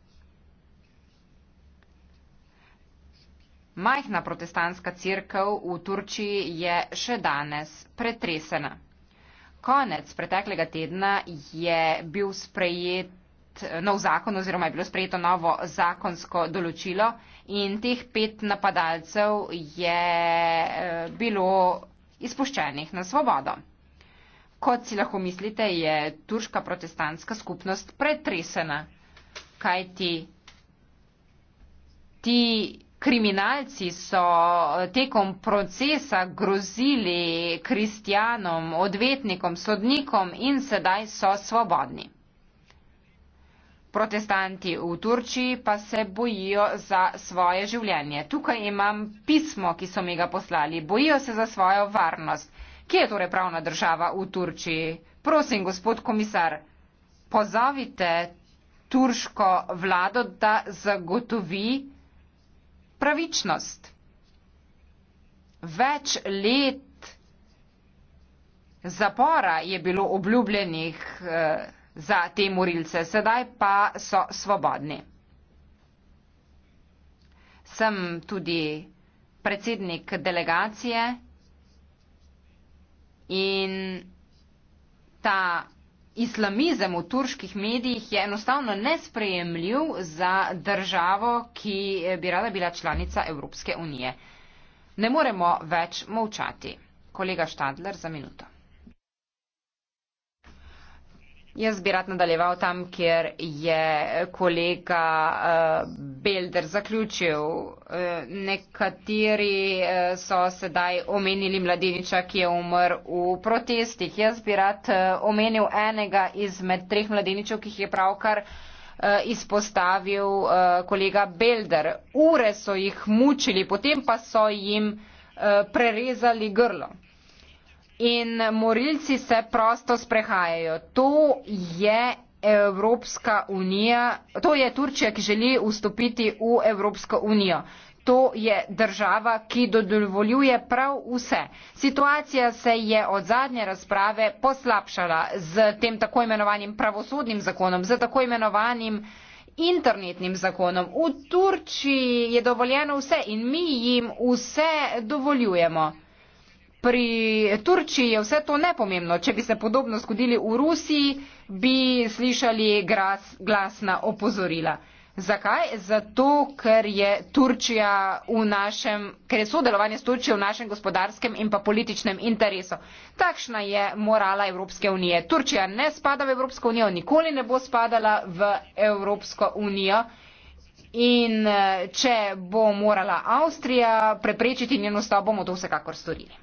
Majhna protestantska crkv v Turčiji je še danes pretresena. Konec preteklega tedna je bil sprejet eh, nov zakon oziroma je bilo sprejeto novo zakonsko določilo in teh pet napadalcev je eh, bilo izpuščenih na svobodo. Kot si lahko mislite, je turška protestantska skupnost pretresena, kaj ti, ti kriminalci so eh, tekom procesa grozili kristjanom, odvetnikom, sodnikom in sedaj so svobodni. Protestanti v Turčiji pa se bojijo za svoje življenje. Tukaj imam pismo, ki so mi ga poslali. Bojijo se za svojo varnost. Kje je torej pravna država v Turčiji? Prosim, gospod komisar, pozovite turško vlado, da zagotovi, pravičnost. Več let zapora je bilo obljubljenih eh, za te morilce, sedaj pa so svobodni. Sem tudi predsednik delegacije in ta Islamizem v turških medijih je enostavno nesprejemljiv za državo, ki eh, bi rada bila članica Evropske unije. Ne moremo več molčati. Kolega Štadler za minuto. Jaz bi rad nadaljeval tam, kjer je kolega uh, Belder zaključil. Uh, nekateri uh, so sedaj omenili mladeniča, ki je umrl v protestih. Jaz bi rad uh, omenil enega izmed treh mladeničev, ki jih je pravkar izpostavil uh, kolega Belder. Ure so jih mučili, potem pa so jim uh, prerezali grlo in morilci se prosto sprehajajo. To je Evropska unija, to je Turčija, ki želi vstopiti v Evropsko unijo. To je država, ki dodovoljuje prav vse. Situacija se je od zadnje razprave poslabšala z tem tako imenovanim pravosodnim zakonom, z tako imenovanim internetnim zakonom. V Turčiji je dovoljeno vse in mi jim vse dovoljujemo pri Turčiji je vse to nepomembno. Če bi se podobno zgodili v Rusiji, bi slišali glas, glasna opozorila. Zakaj? Zato, ker je Turčija v našem, ker je sodelovanje s Turčijo v našem gospodarskem in pa političnem interesu. Takšna je morala Evropske unije. Turčija ne spada v Evropsko unijo, nikoli ne bo spadala v Evropsko unijo. In eh, če bo morala Avstrija preprečiti njeno stavbo, bomo to vsekakor storili.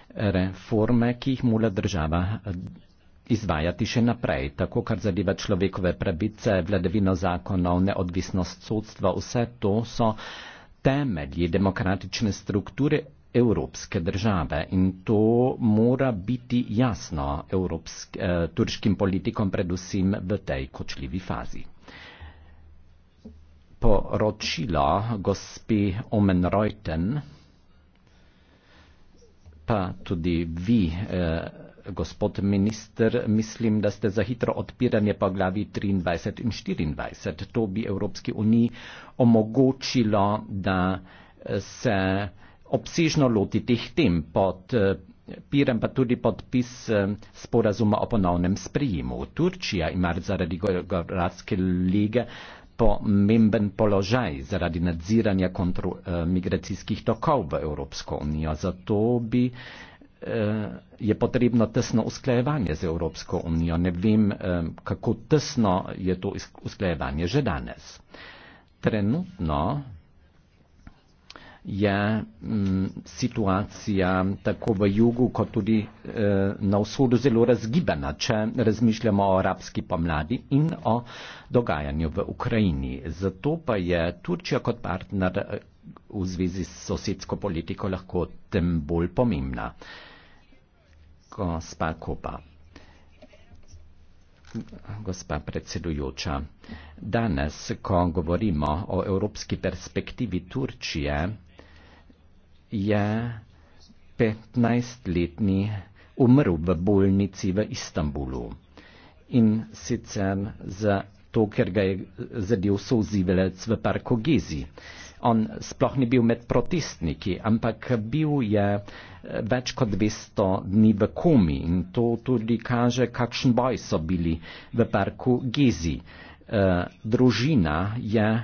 reforme, ki jih mora država eh, izvajati še naprej. Tako, kar zadeva človekove pravice, vladavino zakonov, neodvisnost sodstva, vse to so temelji demokratične strukture evropske države in to mora biti jasno evropsk, eh, turškim politikom, predvsem v tej kočljivi fazi. Poročilo gospi Omen Reuten pa tudi vi, eh, gospod minister, mislim, da ste za hitro odpiranje poglavi 23 in 24. To bi Evropski uniji omogočilo, da eh, se obsežno loti teh tem pod eh, pirem pa tudi podpis eh, sporazuma o ponovnem sprijemu. Turčija ima zaradi Gorbatske lige pomemben položaj zaradi nadziranja kontro, uh, migracijskih tokov v Evropsko unijo. Zato bi, uh, je potrebno tesno usklajevanje z Evropsko unijo. Ne vem, um, kako tesno je to usklajevanje že danes. Trenutno je m, mm, situacija tako v jugu, kot tudi e, na vzhodu zelo razgibana, če razmišljamo o arabski pomladi in o dogajanju v Ukrajini. Zato pa je Turčija kot partner eh, v zvezi s sosedsko politiko lahko tem bolj pomembna. Gospa Kopa, gospa predsedujoča, danes, ko govorimo o evropski perspektivi Turčije, je 15-letni umrl v bolnici v Istanbulu. In sicer za to, ker ga je zadel souzivelec v parku Gezi. On sploh ni bil med protestniki, ampak bil je eh, več kot 200 dni v komi in to tudi kaže, kakšen boj so bili v parku Gezi. Uh, družina je uh,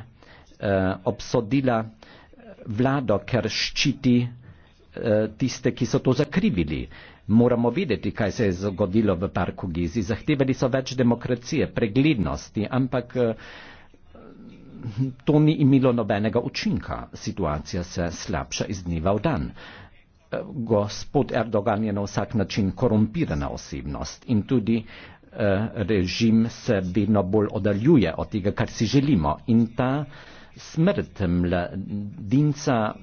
obsodila vlado, ker ščiti eh, tiste, ki so to zakrivili. Moramo videti, kaj se je zgodilo v parku Gizi. Zahtevali so več demokracije, preglednosti, ampak eh, to ni imelo nobenega učinka. Situacija se slabša iz dneva v dan. Eh, gospod Erdogan je na vsak način korumpirana osebnost in tudi režim se vedno bolj odaljuje od tega, kar si želimo. In ta smrt mladinca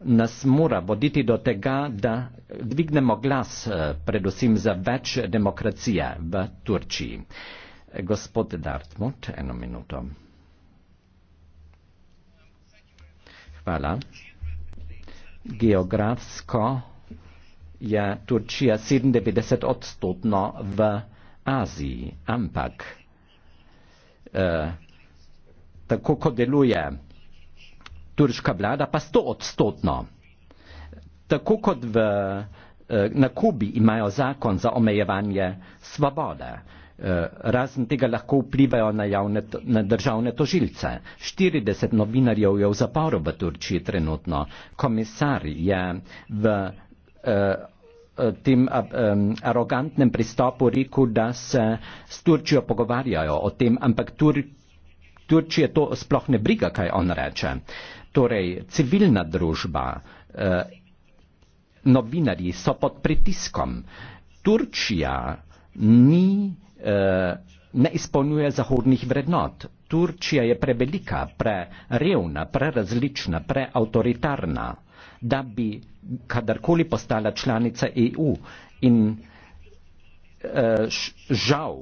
nas mora voditi do tega, da dvignemo glas eh, predvsem za več demokracije v Turčiji. Gospod Dartmut, eno minuto. Hvala. Geografsko je Turčija 97 odstotno v Aziji, ampak eh, tako kot deluje turška vlada, pa sto odstotno. Tako kot v, eh, na Kubi imajo zakon za omejevanje svobode, eh, razen tega lahko vplivajo na, javne, na državne tožilce. 40 novinarjev je v zaporu v Turčiji trenutno, komisar je v eh, tem arogantnem pristopu rekel, da se s Turčijo pogovarjajo o tem, ampak Turčija Turčije to sploh ne briga, kaj on reče. Torej, civilna družba, eh, novinarji so pod pritiskom. Turčija ni, eh, ne izpolnjuje zahodnih vrednot. Turčija je prevelika, prerevna, prerazlična, preautoritarna, da bi kadarkoli postala članica EU. In eh, žal,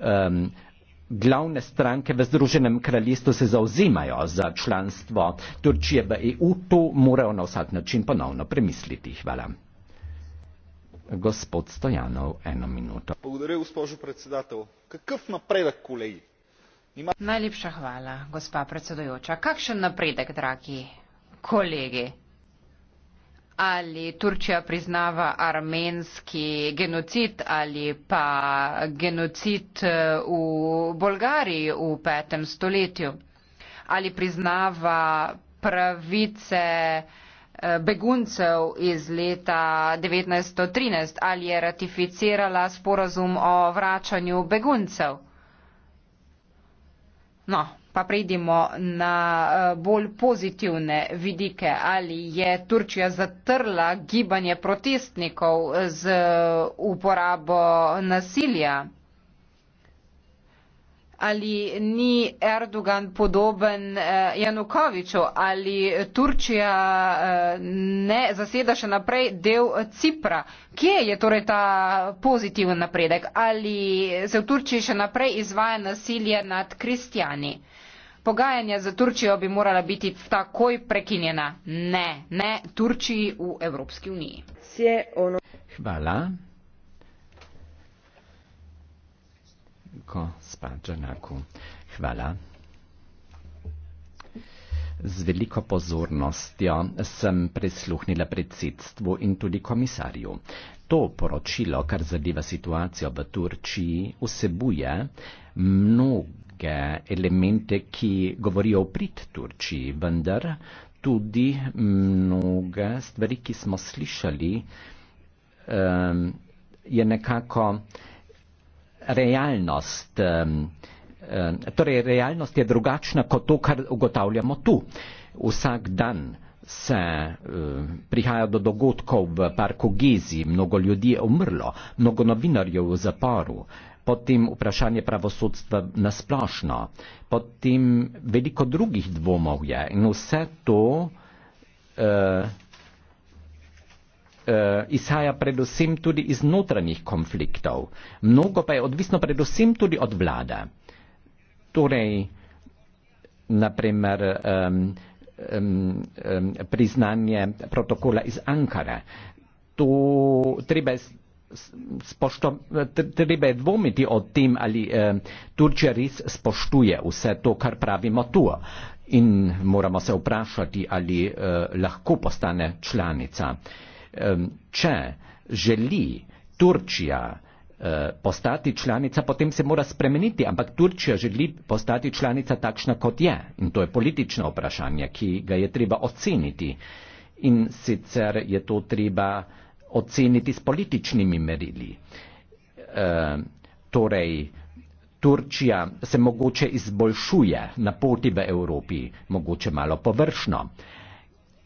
eh, glavne stranke v Združenem kraljestvu se zauzimajo za članstvo Turčije v EU, to morajo na vsak način ponovno premisliti. Hvala. Gospod Stojanov, eno minuto. Pogodaj, gospožu predsedatelju, kakav napredek kolegi? Ima... Najlepša hvala, gospa predsedujoča. Kakšen napredek, dragi kolegi? ali Turčija priznava armenski genocid ali pa genocid eh, v Bolgariji v petem stoletju, ali priznava pravice eh, beguncev iz leta 1913, ali je ratificirala sporazum o vračanju beguncev. No, pa predimo na eh, bolj pozitivne vidike. Ali je Turčija zatrla gibanje protestnikov z eh, uporabo nasilja? Ali ni Erdogan podoben eh, Janukoviču? Ali Turčija ne zaseda še naprej del Cipra? Kje je torej ta pozitiven napredek? Ali se v Turčiji še naprej izvaja nasilje nad kristijani? Pogajanja za Turčijo bi morala biti takoj prekinjena. Ne, ne Turčiji v Evropski uniji. Hvala. Ko spadžanaku. Hvala. Z veliko pozornostjo sem prisluhnila predsedstvu in tudi komisarju. To poročilo, kar zadeva situacijo v Turčiji, vsebuje mnogo tega elemente, ki govorijo o prid Turčiji, vendar tudi mnoga stvari, ki smo slišali, um, je nekako realnost. Um, um, torej, realnost je drugačna kot to, kar ugotavljamo tu. Vsak dan se eh, prihaja do dogodkov v parku Gezi, mnogo ljudi je umrlo, mnogo novinarjev v zaporu, potem vprašanje pravosodstva nasplošno, potem veliko drugih dvomov je in vse to uh, uh, izhaja predvsem tudi iz notranjih konfliktov. Mnogo pa je odvisno predvsem tudi od vlade. Torej, naprimer, um, um, um, priznanje protokola iz Ankare. Tu treba Spošto, treba je dvomiti o tem, ali eh, Turčija res spoštuje vse to, kar pravimo tu. In moramo se vprašati, ali eh, lahko postane članica. Eh, če želi Turčija eh, Eh, postati članica, potem se mora spremeniti, ampak Turčija želi postati članica takšna, kot je. In to je politično vprašanje, ki ga je treba oceniti. In sicer je to treba oceniti s političnimi merili. E, torej, Turčija se mogoče izboljšuje na poti v Evropi, mogoče malo površno. E,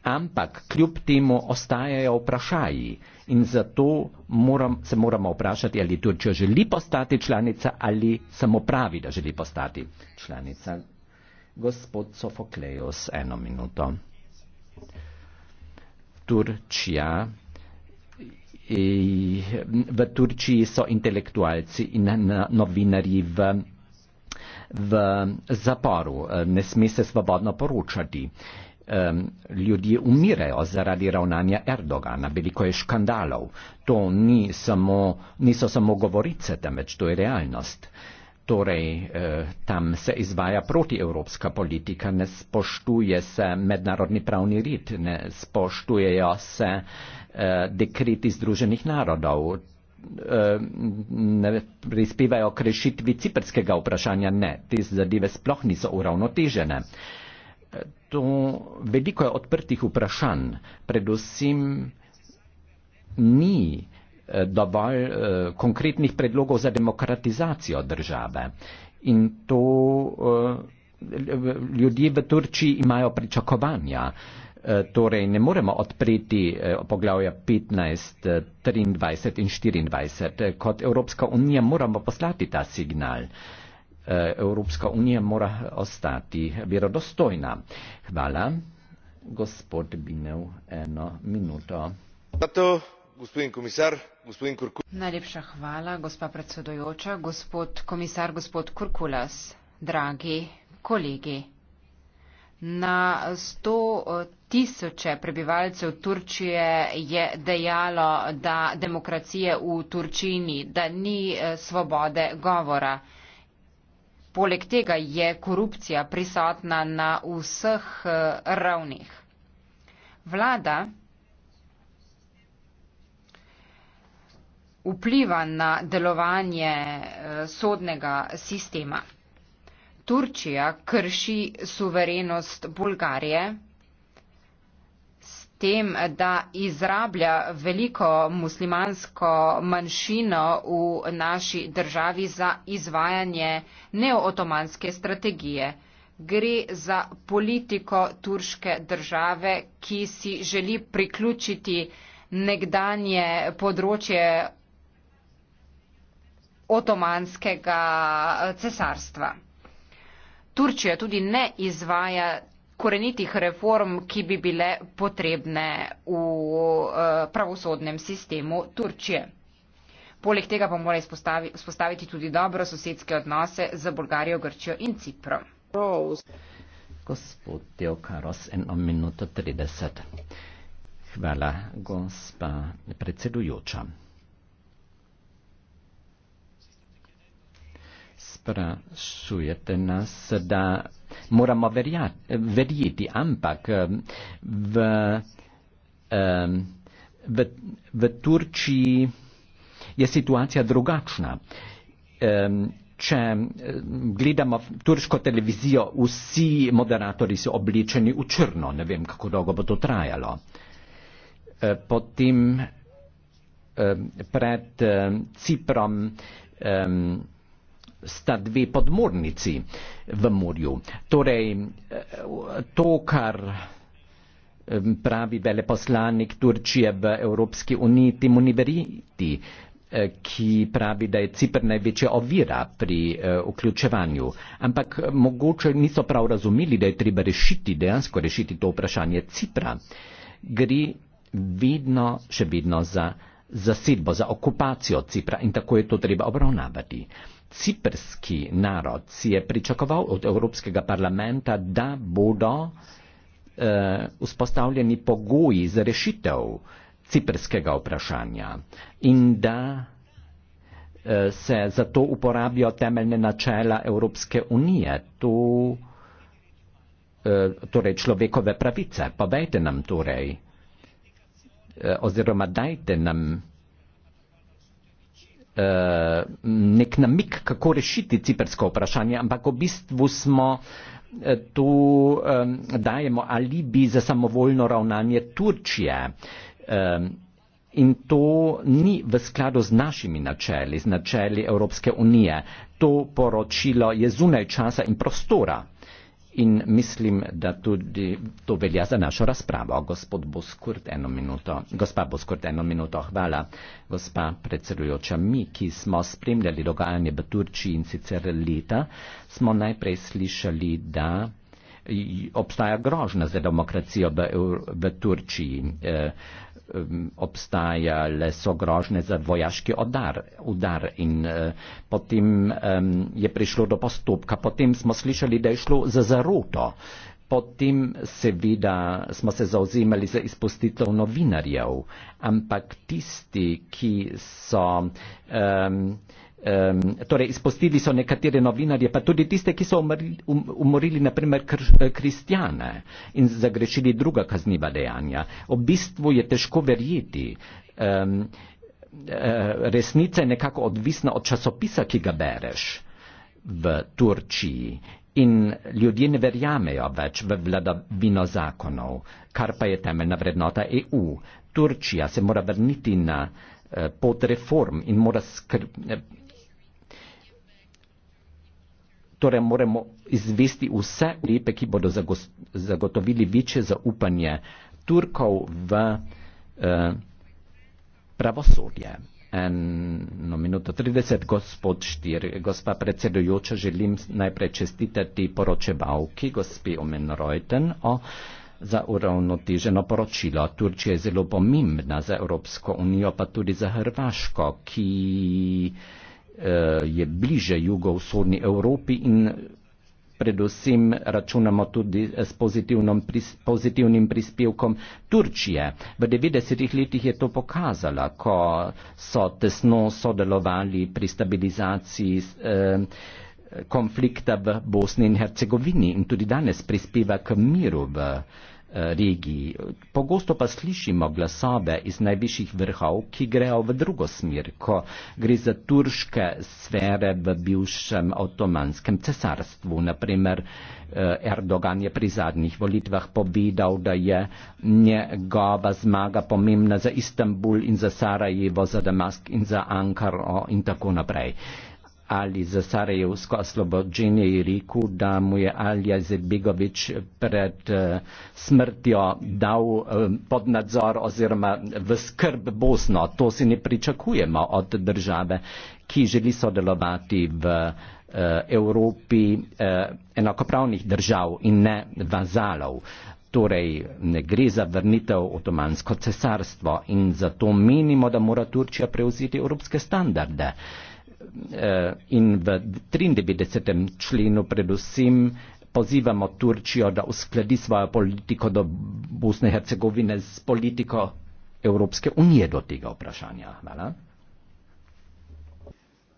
Ampak kljub temu ostajajo vprašaji in zato moram, se moramo vprašati, ali Turčija želi postati članica ali samo pravi, da želi postati članica. Gospod Sofokleus, eno minuto. Turčija. E, v Turčiji so intelektualci in novinarji v, v zaporu. E, ne sme se svobodno poročati um, ljudje umirajo zaradi ravnanja Erdogana, veliko je škandalov. To ni samo, niso samo govorice, temveč to je realnost. Torej, eh, tam se izvaja protievropska politika, ne spoštuje se mednarodni pravni rit, ne spoštujejo se eh, dekriti Združenih narodov, eh, ne prispevajo k rešitvi ciprskega vprašanja, ne, te zadeve sploh niso uravnotežene. Eh, tu veliko je odprtih vprašanj, predvsem ni eh, dovolj eh, konkretnih predlogov za demokratizacijo države. In to eh, ljudje v Turčiji imajo pričakovanja. Eh, torej ne moremo odpreti eh, poglavja 15, 23 eh, in 24. Eh, kot Evropska unija moramo poslati ta signal. Eh, Eh, Evropska unija mora ostati verodostojna. Hvala, gospod Binev, eno minuto. Zato, gospodin komisar, gospodin Najlepša hvala, gospa predsedojoča, gospod komisar, gospod Kurkulas, dragi kolegi. Na sto eh, tisoče prebivalcev Turčije je dejalo, da demokracije v Turčini, da ni eh, svobode govora. Poleg tega je korupcija prisotna na vseh eh, ravnih. Vlada vpliva na delovanje eh, sodnega sistema. Turčija krši suverenost Bulgarije tem, da izrablja veliko muslimansko manjšino v naši državi za izvajanje neotomanske strategije. Gre za politiko turške države, ki si želi priključiti nekdanje področje otomanskega cesarstva. Turčija tudi ne izvaja korenitih reform, ki bi bile potrebne v eh, pravosodnem sistemu Turčije. Poleg tega pa mora izpostaviti tudi dobro sosedske odnose z Bolgarijo, Grčijo in Ciprom. Gospod Teokaros, eno minuto 30. Hvala, gospa predsedujoča. Sprašujete nas, da moramo verjeti, ampak eh, v, eh, v, v Turčiji je situacija drugačna. Eh, če gledamo turško televizijo, vsi moderatori so obličeni v črno, ne vem, kako dolgo bo to trajalo. Potem pred Ciprom sta dve podmornici v morju. Torej, eh, to, kar pravi veleposlanik Turčije v Evropski uniji Timuniveriti, eh, ki pravi, da je Cipr največja ovira pri eh, vključevanju. Ampak mogoče niso prav razumeli, da je treba rešiti, dejansko rešiti to vprašanje Cipra. Gre vedno, še vedno za zasedbo, za okupacijo Cipra in tako je to treba obravnavati. Ciprski narod si je pričakoval od Evropskega parlamenta, da bodo eh, vzpostavljeni pogoji za rešitev ciprskega vprašanja in da eh, se zato uporabijo temeljne načela Evropske unije, to, eh, torej človekove pravice. Povejte nam torej, Eh, oziroma dajte nam eh, nek namik, kako rešiti cipersko vprašanje, ampak v bistvu smo eh, tu, dajemo alibi za samovoljno ravnanje Turčije. In to ni v skladu z našimi načeli, z načeli Evropske unije. To poročilo je zunaj časa in prostora in mislim, da tudi to velja za našo razpravo. Gospod Boskurt, eno minuto. Gospa Boskurt, eno minuto, hvala. Gospa predsedujoča, mi, ki smo spremljali dogajanje v Turčiji in sicer leta, smo najprej slišali, da obstaja grožna za demokracijo v, v Turčiji. Eh, obstajale so grožne za vojaški odar, udar in eh, potem eh, je prišlo do postopka, potem smo slišali, da je šlo za zaruto, potem seveda smo se zauzemali za izpustitev novinarjev, ampak tisti, ki so eh, um, torej izpustili so nekatere novinarje, pa tudi tiste, ki so umorili, um, umorili naprimer kr, eh, kristjane in zagrešili druga kazniva dejanja. V bistvu je težko verjeti. Um, resnica je nekako odvisna od časopisa, ki ga bereš v Turčiji. In ljudje ne verjamejo več v vladavino zakonov, kar pa je temeljna vrednota EU. Turčija se mora vrniti na eh, pot reform in mora skrbeti. Eh, torej moramo izvesti vse ukrepe, ki bodo zagotovili večje zaupanje Turkov v eh, pravosodje. Eno minuto 30, gospod Štir, gospa predsedujoča, želim najprej čestitati poročevalki, gospi Omen Reuten, o za uravnoteženo poročilo. Turčija je zelo pomembna za Evropsko unijo, pa tudi za Hrvaško, ki Eh, je bliže jugovzhodni Evropi in predvsem računamo tudi s pris, pozitivnim prispevkom Turčije. V 90-ih letih je to pokazala, ko so tesno sodelovali pri stabilizaciji eh, konflikta v Bosni in Hercegovini in tudi danes prispeva k miru v eh, regiji. Pogosto pa slišimo glasove iz najvišjih vrhov, ki grejo v drugo smer, ko gre za turške sfere v bivšem otomanskem cesarstvu. Naprimer, eh, Erdogan je pri zadnjih volitvah povedal, da je njegova zmaga pomembna za Istanbul in za Sarajevo, za Damask in za Ankaro in tako naprej. Ali za Sarajevsko oslobođenje je rekel, da mu je Alija Zedbegovič pred uh, smrtjo dal um, eh, pod nadzor oziroma v skrb Bosno. To si ne pričakujemo od države, ki želi sodelovati v uh, Evropi uh, enakopravnih držav in ne vazalov. Torej, ne gre za vrnitev otomansko cesarstvo in zato menimo, da mora Turčija prevzeti evropske standarde. Uh, Eh, in v 93. členu predvsem pozivamo Turčijo, da uskladi svojo politiko do Bosne in Hercegovine z politiko Evropske unije do tega vprašanja. Hvala.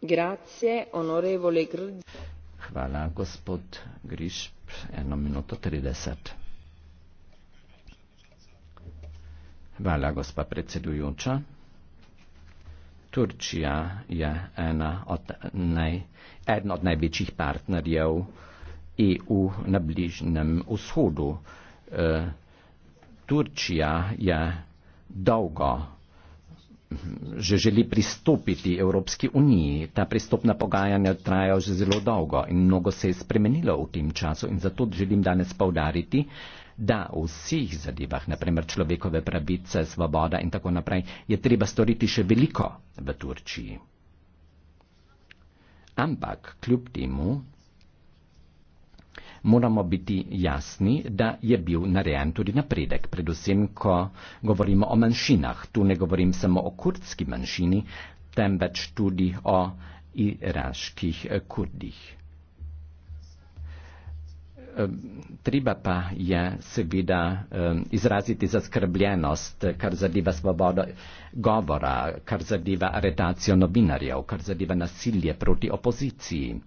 Grazie, onorevole Grdi. Hvala, gospod Griš, eno minuto trideset. Hvala, gospa predsedujoča. Turčija je ena od naj, eden od največjih partnerjev EU na Bližnem vzhodu. E, Turčija je dolgo že želi pristopiti Evropski uniji. Ta pristopna pogajanja trajajo že zelo dolgo in mnogo se je spremenilo v tem času in zato želim danes povdariti, da v vseh zadevah, naprimer človekove pravice, svoboda in tako naprej, je treba storiti še veliko v Turčiji. Ampak kljub temu moramo biti jasni, da je bil narejen tudi napredek, predvsem, ko govorimo o manjšinah. Tu ne govorim samo o kurdski manjšini, temveč tudi o iraških kurdih treba pa je seveda izraziti zaskrbljenost, kar zadeva svobodo govora, kar zadeva aretacijo novinarjev, kar zadeva nasilje proti opoziciji.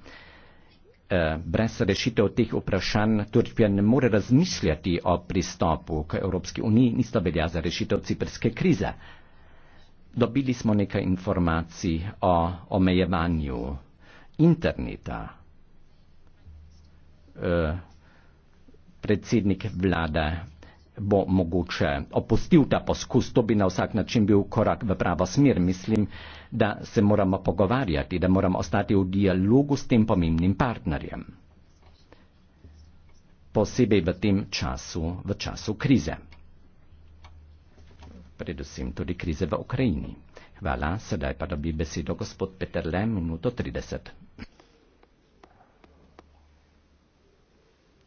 E, brez rešitev teh vprašanj Turčija ne more razmišljati o pristopu k Evropski uniji, nista velja za rešitev ciperske krize. Dobili smo nekaj informacij o omejevanju interneta. E, predsednik vlade bo mogoče opustil ta poskus, to bi na vsak način bil korak v pravo smer. Mislim, da se moramo pogovarjati, da moramo ostati v dialogu s tem pomembnim partnerjem. Posebej v tem času, v času krize. Predvsem tudi krize v Ukrajini. Hvala, sedaj pa dobi besedo gospod Peterle, minuto 30.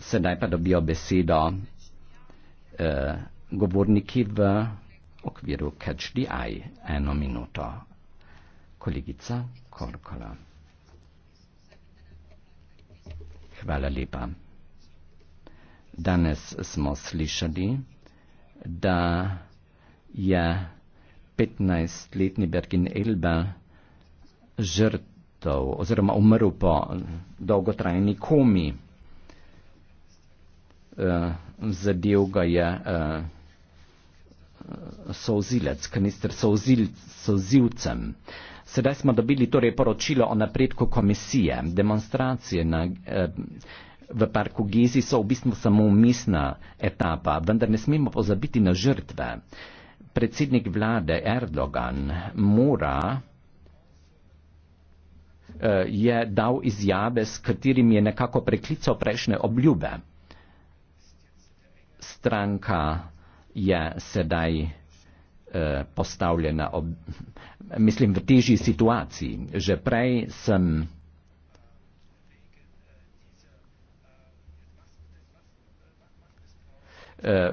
Sedaj pa dobijo besedo eh, govorniki v okviru KHDI. Eno minuto. Kolegica Korkola. Hvala lepa. Danes smo slišali, da je 15-letni Bergin Elbe žrt umrtev oziroma umrl po dolgotrajni komi. Uh, eh, zadev ga je uh, eh, sozilec, kanister sozilcem. Sedaj smo dobili torej poročilo o napredku komisije. Demonstracije na, eh, v parku Gezi so v bistvu samo umisna etapa, vendar ne smemo pozabiti na žrtve. Predsednik vlade Erdogan mora Eh, je dal izjave, s katerimi je nekako preklical prejšnje obljube. Stranka je sedaj eh, postavljena ob, mislim, v težji situaciji. Že prej sem eh,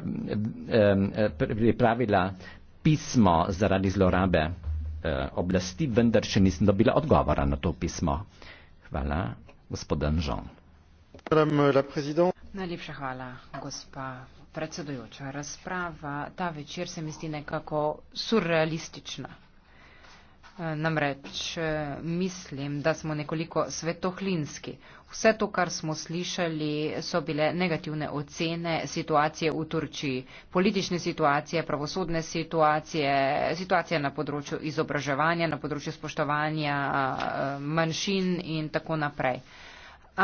pripravila pismo zaradi zlorabe Eh, oblasti, vendar še nisem dobila odgovora na to pismo. Hvala, gospod Anžon. Najlepša hvala, gospa predsedujoča. Razprava ta večer se mi zdi nekako surrealistična. Eh, namreč eh, mislim, da smo nekoliko svetohlinski Vse to, kar smo slišali, so bile negativne ocene situacije v Turčiji, politične situacije, pravosodne situacije, situacije na področju izobraževanja, na področju spoštovanja eh, manjšin in tako naprej.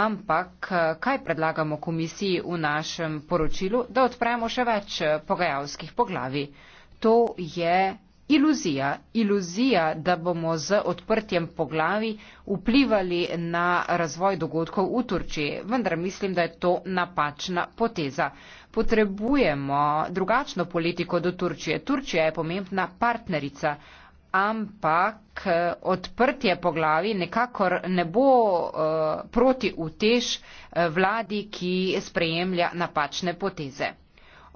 Ampak eh, kaj predlagamo komisiji v našem poročilu, da odpremo še več eh, pogajalskih poglavi? To je iluzija, iluzija, da bomo z odprtjem poglavi vplivali na razvoj dogodkov v Turčiji. Vendar mislim, da je to napačna poteza. Potrebujemo drugačno politiko do Turčije. Turčija je pomembna partnerica. Ampak eh, odprtje po glavi nekakor ne bo uh, proti utež eh, vladi, ki sprejemlja napačne poteze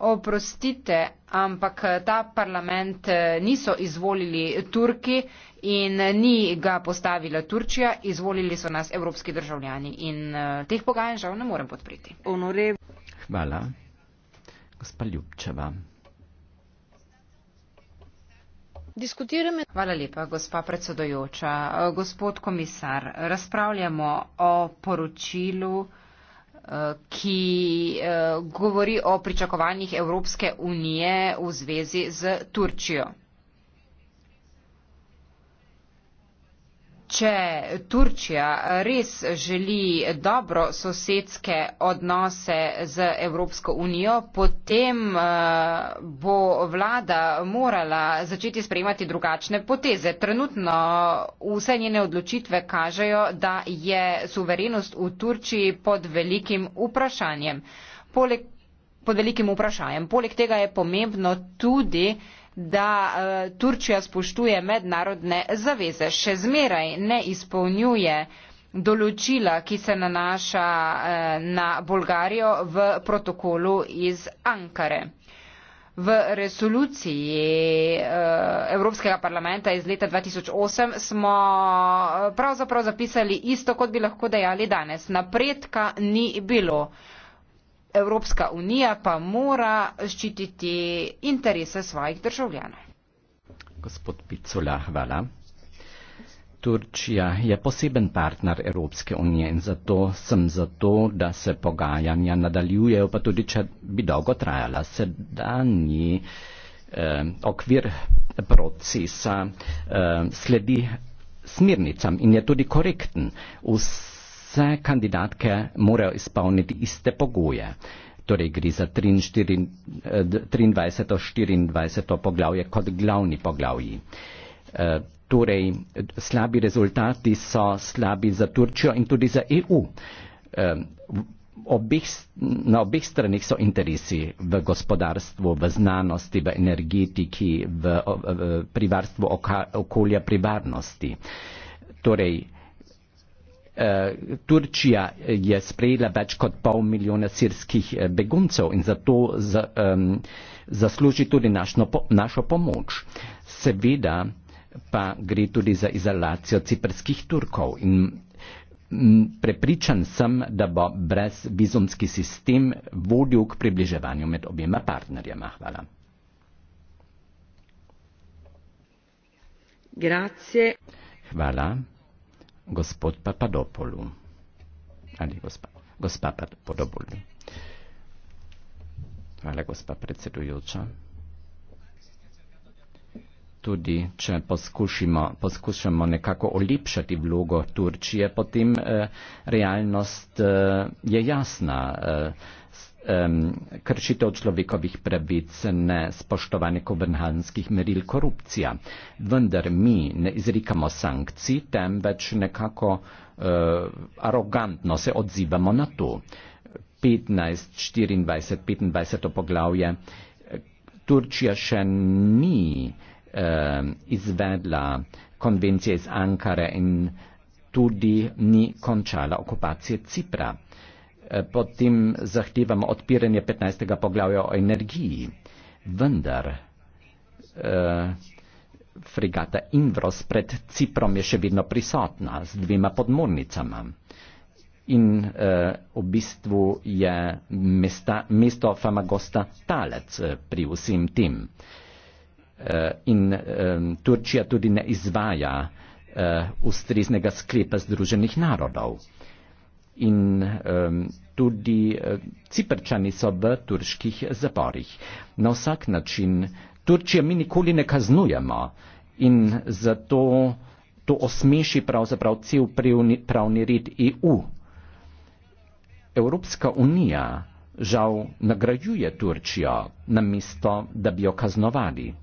oprostite, ampak eh, ta parlament eh, niso izvolili Turki in eh, ni ga postavila Turčija, izvolili so nas evropski državljani in teh pogajanj žal ne morem podpreti. Hvala. Gospa Ljubčeva. Hvala lepa, gospa predsedojoča. Gospod komisar, razpravljamo o poročilu ki eh, govori o pričakovanjih Evropske unije v zvezi z Turčijo. če Turčija res želi dobro sosedske odnose z Evropsko unijo, potem eh, bo vlada morala začeti sprejemati drugačne poteze. Trenutno vse njene odločitve kažejo, da je suverenost v Turčiji pod velikim vprašanjem. Poleg, pod velikim vprašanjem. Poleg tega je pomembno tudi, da eh, Turčija spoštuje mednarodne zaveze. Še zmeraj ne izpolnjuje določila, ki se nanaša eh, na Bolgarijo v protokolu iz Ankare. V resoluciji eh, Evropskega parlamenta iz leta 2008 smo pravzaprav zapisali isto, kot bi lahko dejali danes. Napredka ni bilo. Evropska unija pa mora ščititi interese svojih državljanov. Gospod Picula, hvala. Turčija je poseben partner Evropske unije in zato sem zato, da se pogajanja nadaljujejo, pa tudi če bi dolgo trajala sedanji eh, okvir procesa, eh, sledi smirnicam in je tudi korekten. Vse vse kandidatke morajo izpolniti iste pogoje. Torej gre za 23-24 eh, poglavje kot glavni poglavji. Eh, torej, slabi rezultati so slabi za Turčijo in tudi za EU. Eh, Obih, na obeh stranih so interesi v gospodarstvu, v znanosti, v energetiki, v, v, v privarstvu oka, okolja, privarnosti. Torej, Eh, Turčija eh, je sprejela več kot pol milijona sirskih eh, beguncev in zato z, um, zasluži tudi našno, našo pomoč. Seveda pa gre tudi za izolacijo ciprskih Turkov in prepričan sem, da bo brez vizumski sistem vodil k približevanju med objema partnerjema. Hvala. Grazie. Hvala gospod Papadopoulou. Ali gospa, gospa Papadopoulou. Hvala, gospa predsedujoča. Tudi če poskušamo nekako olepšati vlogo Turčije, potem eh, realnost eh, je jasna. Eh, um, kršitev človekovih pravic, ne spoštovanje kopenhanskih meril korupcija. Vendar mi ne izrikamo sankcij, temveč nekako uh, arogantno se odzivamo na to. 15, 24, 25 poglavje. Turčija še ni eh, izvedla konvencije iz Ankare in tudi ni končala okupacije Cipra potem zahtevamo odpiranje 15. poglavja o energiji. Vendar eh, fregata Invros pred Ciprom je še vedno prisotna z dvema podmornicama. In eh, v bistvu je mesta, mesto Famagosta talec eh, pri vsem tem. Eh, in eh, Turčija tudi ne izvaja eh, ustreznega sklepa Združenih narodov in um, tudi eh, ciprčani so v turških zaporih. Na vsak način Turčijo mi nikoli ne kaznujemo in zato to osmeši pravzaprav cel pravni, pravni red EU. Evropska unija žal nagrajuje Turčijo na mesto, da bi jo kaznovali.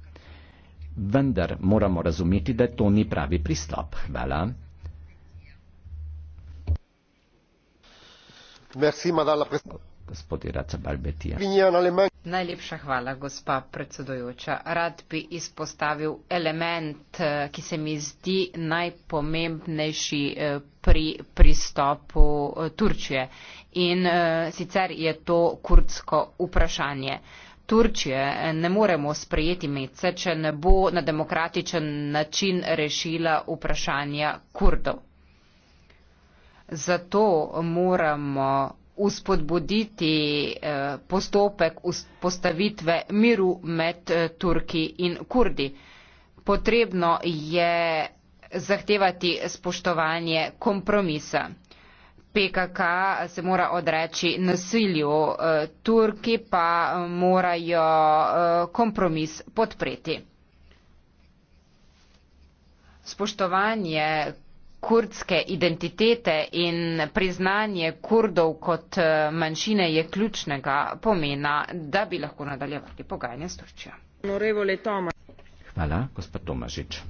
Vendar moramo razumeti, da to ni pravi pristop. Hvala. Najlepša hvala, gospa predsedujoča. Rad bi izpostavil element, eh, ki se mi zdi najpomembnejši eh, pri pristopu eh, Turčije. In sicer je to kurdsko vprašanje. Turčije ne moremo sprejeti medse, če ne bo na demokratičen način rešila vprašanja kurdov zato moramo uspodbuditi eh, postopek postavitve miru med eh, Turki in Kurdi. Potrebno je zahtevati spoštovanje kompromisa. PKK se mora odreči nasilju, eh, Turki pa morajo kompromis podpreti. Spoštovanje kurdske identitete in priznanje kurdov kot eh, manjšine je ključnega pomena, da bi lahko nadaljevali pogajanje s Turčijo. Hvala, gospod Tomažič.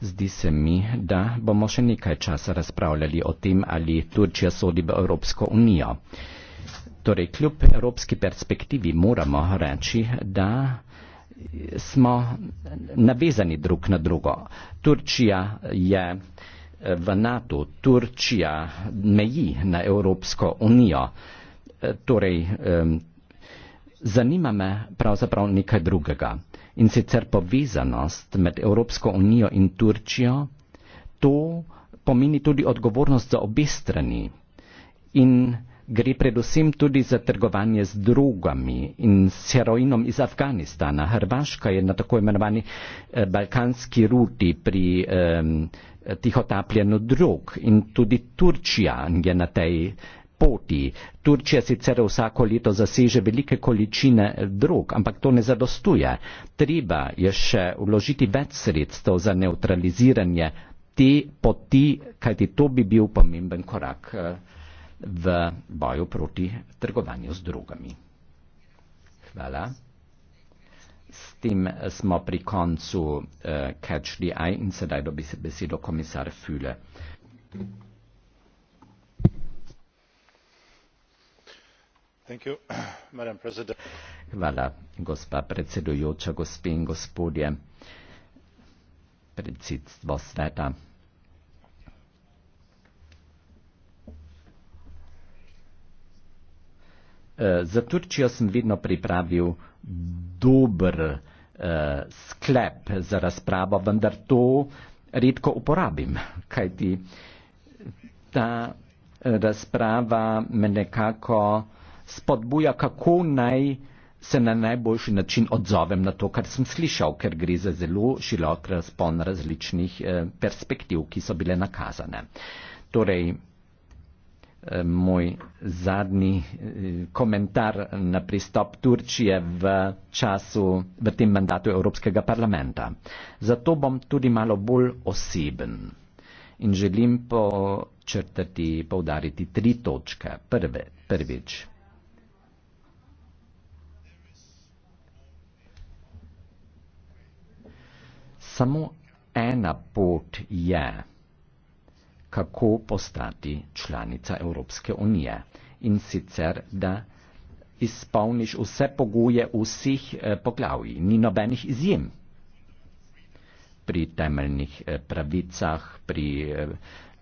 Zdi se mi, da bomo še nekaj časa razpravljali o tem, ali Turčija sodi v Evropsko unijo. Torej, kljub evropski perspektivi moramo reči, da smo navezani drug na drugo. Turčija je eh, v NATO, Turčija meji na Evropsko unijo. Eh, torej, zanima me pravzaprav nekaj drugega. In sicer povezanost med Evropsko unijo in Turčijo, to pomeni tudi odgovornost za obe strani. In Gre predvsem tudi za trgovanje z drogami in s heroinom iz Afganistana. Hrvaška je na tako imenovani eh, balkanski ruti pri um, tihotapljenju drog in tudi Turčija je na tej poti. Turčija sicer vsako leto zaseže velike količine eh, drog, ampak to ne zadostuje. Treba je še vložiti več sredstev za neutraliziranje te poti, kajti to bi bil pomemben korak. Uh, v boju proti trgovanju z drugami. Hvala. S tem eh, smo pri koncu uh, Catch the Eye in sedaj dobi se besedo komisar Füle. Hvala, gospa predsedujoča, gospe in gospodje, predsedstvo sveta. uh, za Turčijo sem vedno pripravil dober uh, sklep za razpravo, vendar to redko uporabim, kajti ta razprava me nekako spodbuja, kako naj se na najboljši način odzovem na to, kar sem slišal, ker gre za zelo širok razpon različnih eh, perspektiv, ki so bile nakazane. Torej, Eh, moj zadnji eh, komentar na pristop Turčije v času, v tem mandatu Evropskega parlamenta. Zato bom tudi malo bolj oseben in želim počrtati, povdariti tri točke. Prve, prvič. Samo ena pot je. Yeah kako postati članica Evropske unije. In sicer, da izpolniš vse pogoje vseh eh, poglavij, ni nobenih izjem pri temeljnih eh, pravicah, pri eh,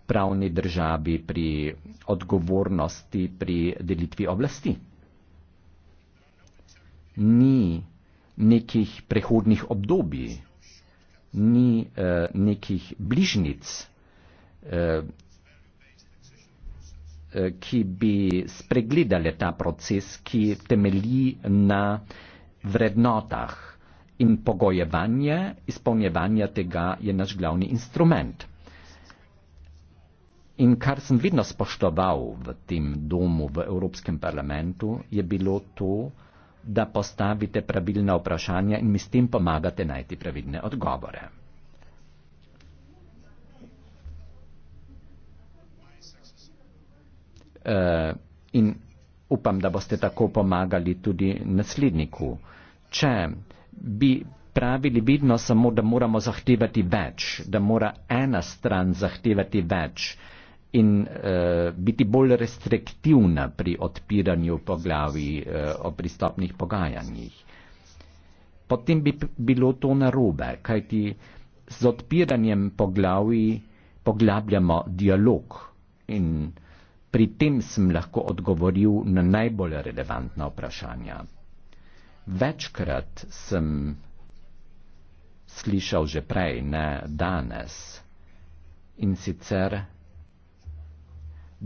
pravni državi, pri odgovornosti, pri delitvi oblasti. Ni nekih prehodnih obdobij, ni eh, nekih bližnic, Eh, eh, ki bi spregledali ta proces, ki temelji na vrednotah in pogojevanje, izpolnjevanje tega je naš glavni instrument. In kar sem vedno spoštoval v tem domu, v Evropskem parlamentu, je bilo to, da postavite pravilna vprašanja in mi s tem pomagate najti pravilne odgovore. Eh, in upam, da boste tako pomagali tudi nasledniku. Če bi pravili vidno samo, da moramo zahtevati več, da mora ena stran zahtevati več in uh, biti bolj restriktivna pri odpiranju poglavi uh, eh, o pristopnih pogajanjih. Potem bi bilo to narobe, kajti z odpiranjem poglavi poglabljamo dialog in uh, Pri tem sem lahko odgovoril na najbolj relevantna vprašanja. Večkrat sem slišal že prej, ne danes, in sicer,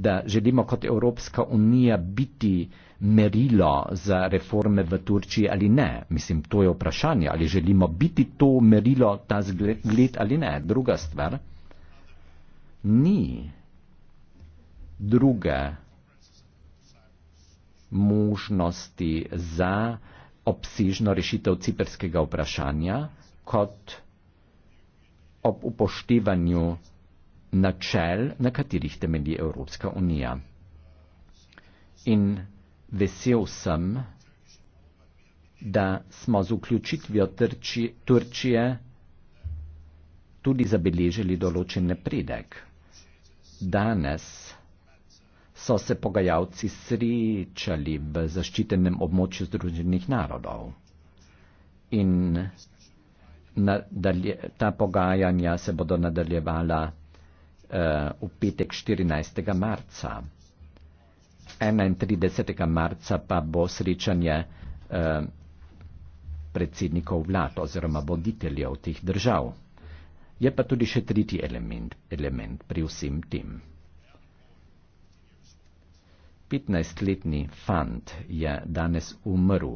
da želimo kot Evropska unija biti merilo za reforme v Turčiji ali ne. Mislim, to je vprašanje, ali želimo biti to merilo, ta zgled ali ne. Druga stvar, ni druge možnosti za obsežno rešitev ciperskega vprašanja, kot ob upoštevanju načel, na katerih temelji Evropska unija. In vesel sem, da smo z vključitvijo Trči, Turčije tudi zabeležili določen napredek. Danes so se pogajalci srečali v zaščitenem območju Združenih narodov. In nadalje, ta pogajanja se bodo nadaljevala uh, v petek 14. marca. 31. marca pa bo srečanje uh, predsednikov vlad oziroma voditeljev teh držav. Je pa tudi še tretji element, element pri vsem tem. 15-letni fant je danes umrl.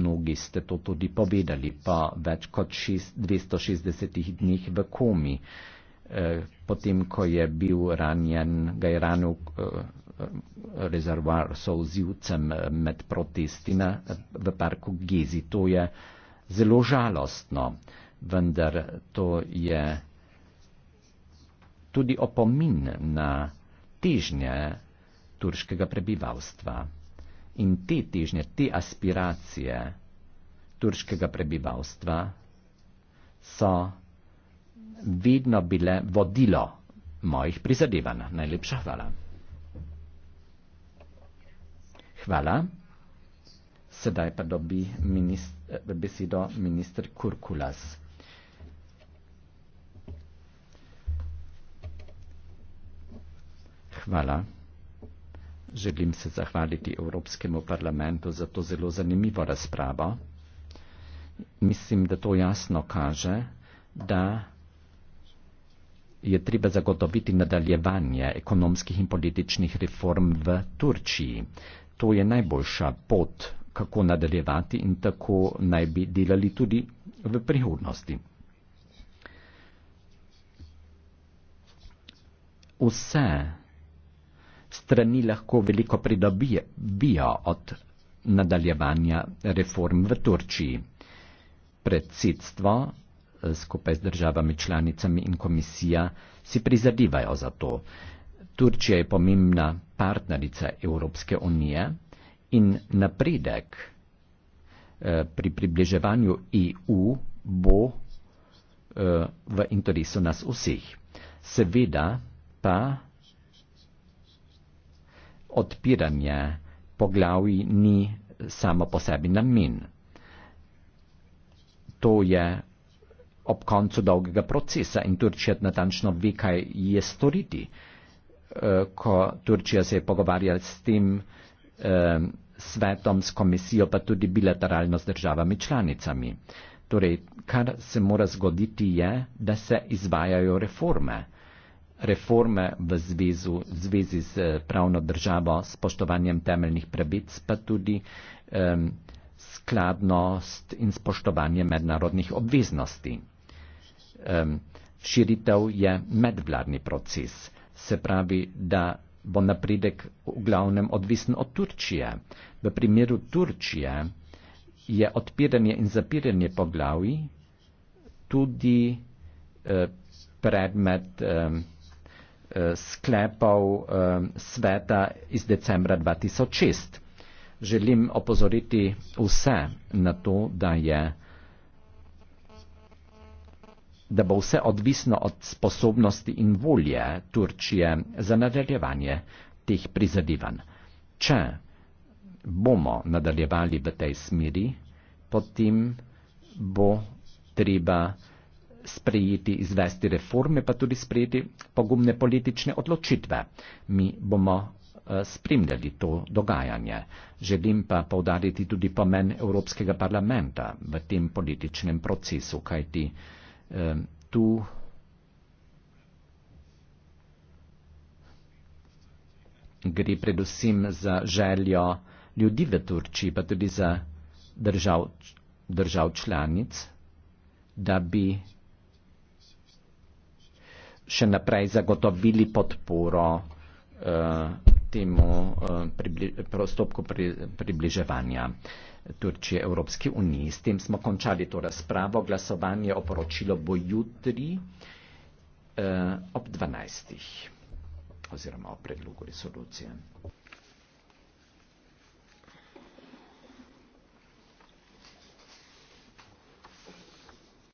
Mnogi ste to tudi povedali, pa več kot šest, 260 dneh v komi, eh, potem ko je bil ranjen, ga je ranil eh, rezervoar solzivcem eh, med protesti na, v parku Gezi. To je zelo žalostno, vendar to je tudi opomin na težnje turškega prebivalstva. In te težnje, te aspiracije turškega prebivalstva so vedno bile vodilo mojih prizadevanj. Najlepša hvala. Hvala. Sedaj pa dobi minister, besedo minister Kurkulas. Hvala. Želim se zahvaliti Evropskemu parlamentu za to zelo zanimivo razpravo. Mislim, da to jasno kaže, da je treba zagotoviti nadaljevanje ekonomskih in političnih reform v Turčiji. To je najboljša pot, kako nadaljevati in tako naj bi delali tudi v prihodnosti. Vse strani lahko veliko pridobijo od nadaljevanja reform v Turčiji. Predsedstvo eh, skupaj z državami članicami in komisija si prizadivajo za to. Turčija je pomembna partnerica Evropske unije in napredek eh, pri približevanju EU bo eh, v interesu nas vseh. Seveda pa odpiranje poglavij ni samo po sebi namen. To je ob koncu dolgega procesa in Turčija natančno ve, kaj je storiti. Eh, ko Turčija se je pogovarjala s tem eh, svetom, s komisijo, pa tudi bilateralno z državami članicami. Torej, kar se mora zgoditi je, da se izvajajo reforme reforme v zvezu, zvezi z eh, pravno državo, spoštovanjem temeljnih pravic, pa tudi um, skladnost in spoštovanje mednarodnih obveznosti. Um, širitev je medvladni proces, se pravi, da bo napredek v glavnem odvisen od Turčije. V primeru Turčije je odpiranje in zapiranje poglavi tudi eh, predmet eh, Eh, sklepov eh, sveta iz decembra 2006. Želim opozoriti vse na to, da, je, da bo vse odvisno od sposobnosti in volje Turčije za nadaljevanje teh prizadevanj. Če bomo nadaljevali v tej smeri, potem bo treba sprejeti, izvesti reforme, pa tudi sprejeti pogumne politične odločitve. Mi bomo eh, spremljali to dogajanje. Želim pa povdariti tudi pomen Evropskega parlamenta v tem političnem procesu, kajti eh, tu gre predvsem za željo ljudi v Turčiji, pa tudi za držav, držav članic, da bi še naprej zagotovili podporo eh, temu eh, postopku pri, približevanja Turčije Evropski uniji. S tem smo končali to razpravo. Glasovanje o poročilu bo jutri eh, ob 12. oziroma o predlogu resolucije.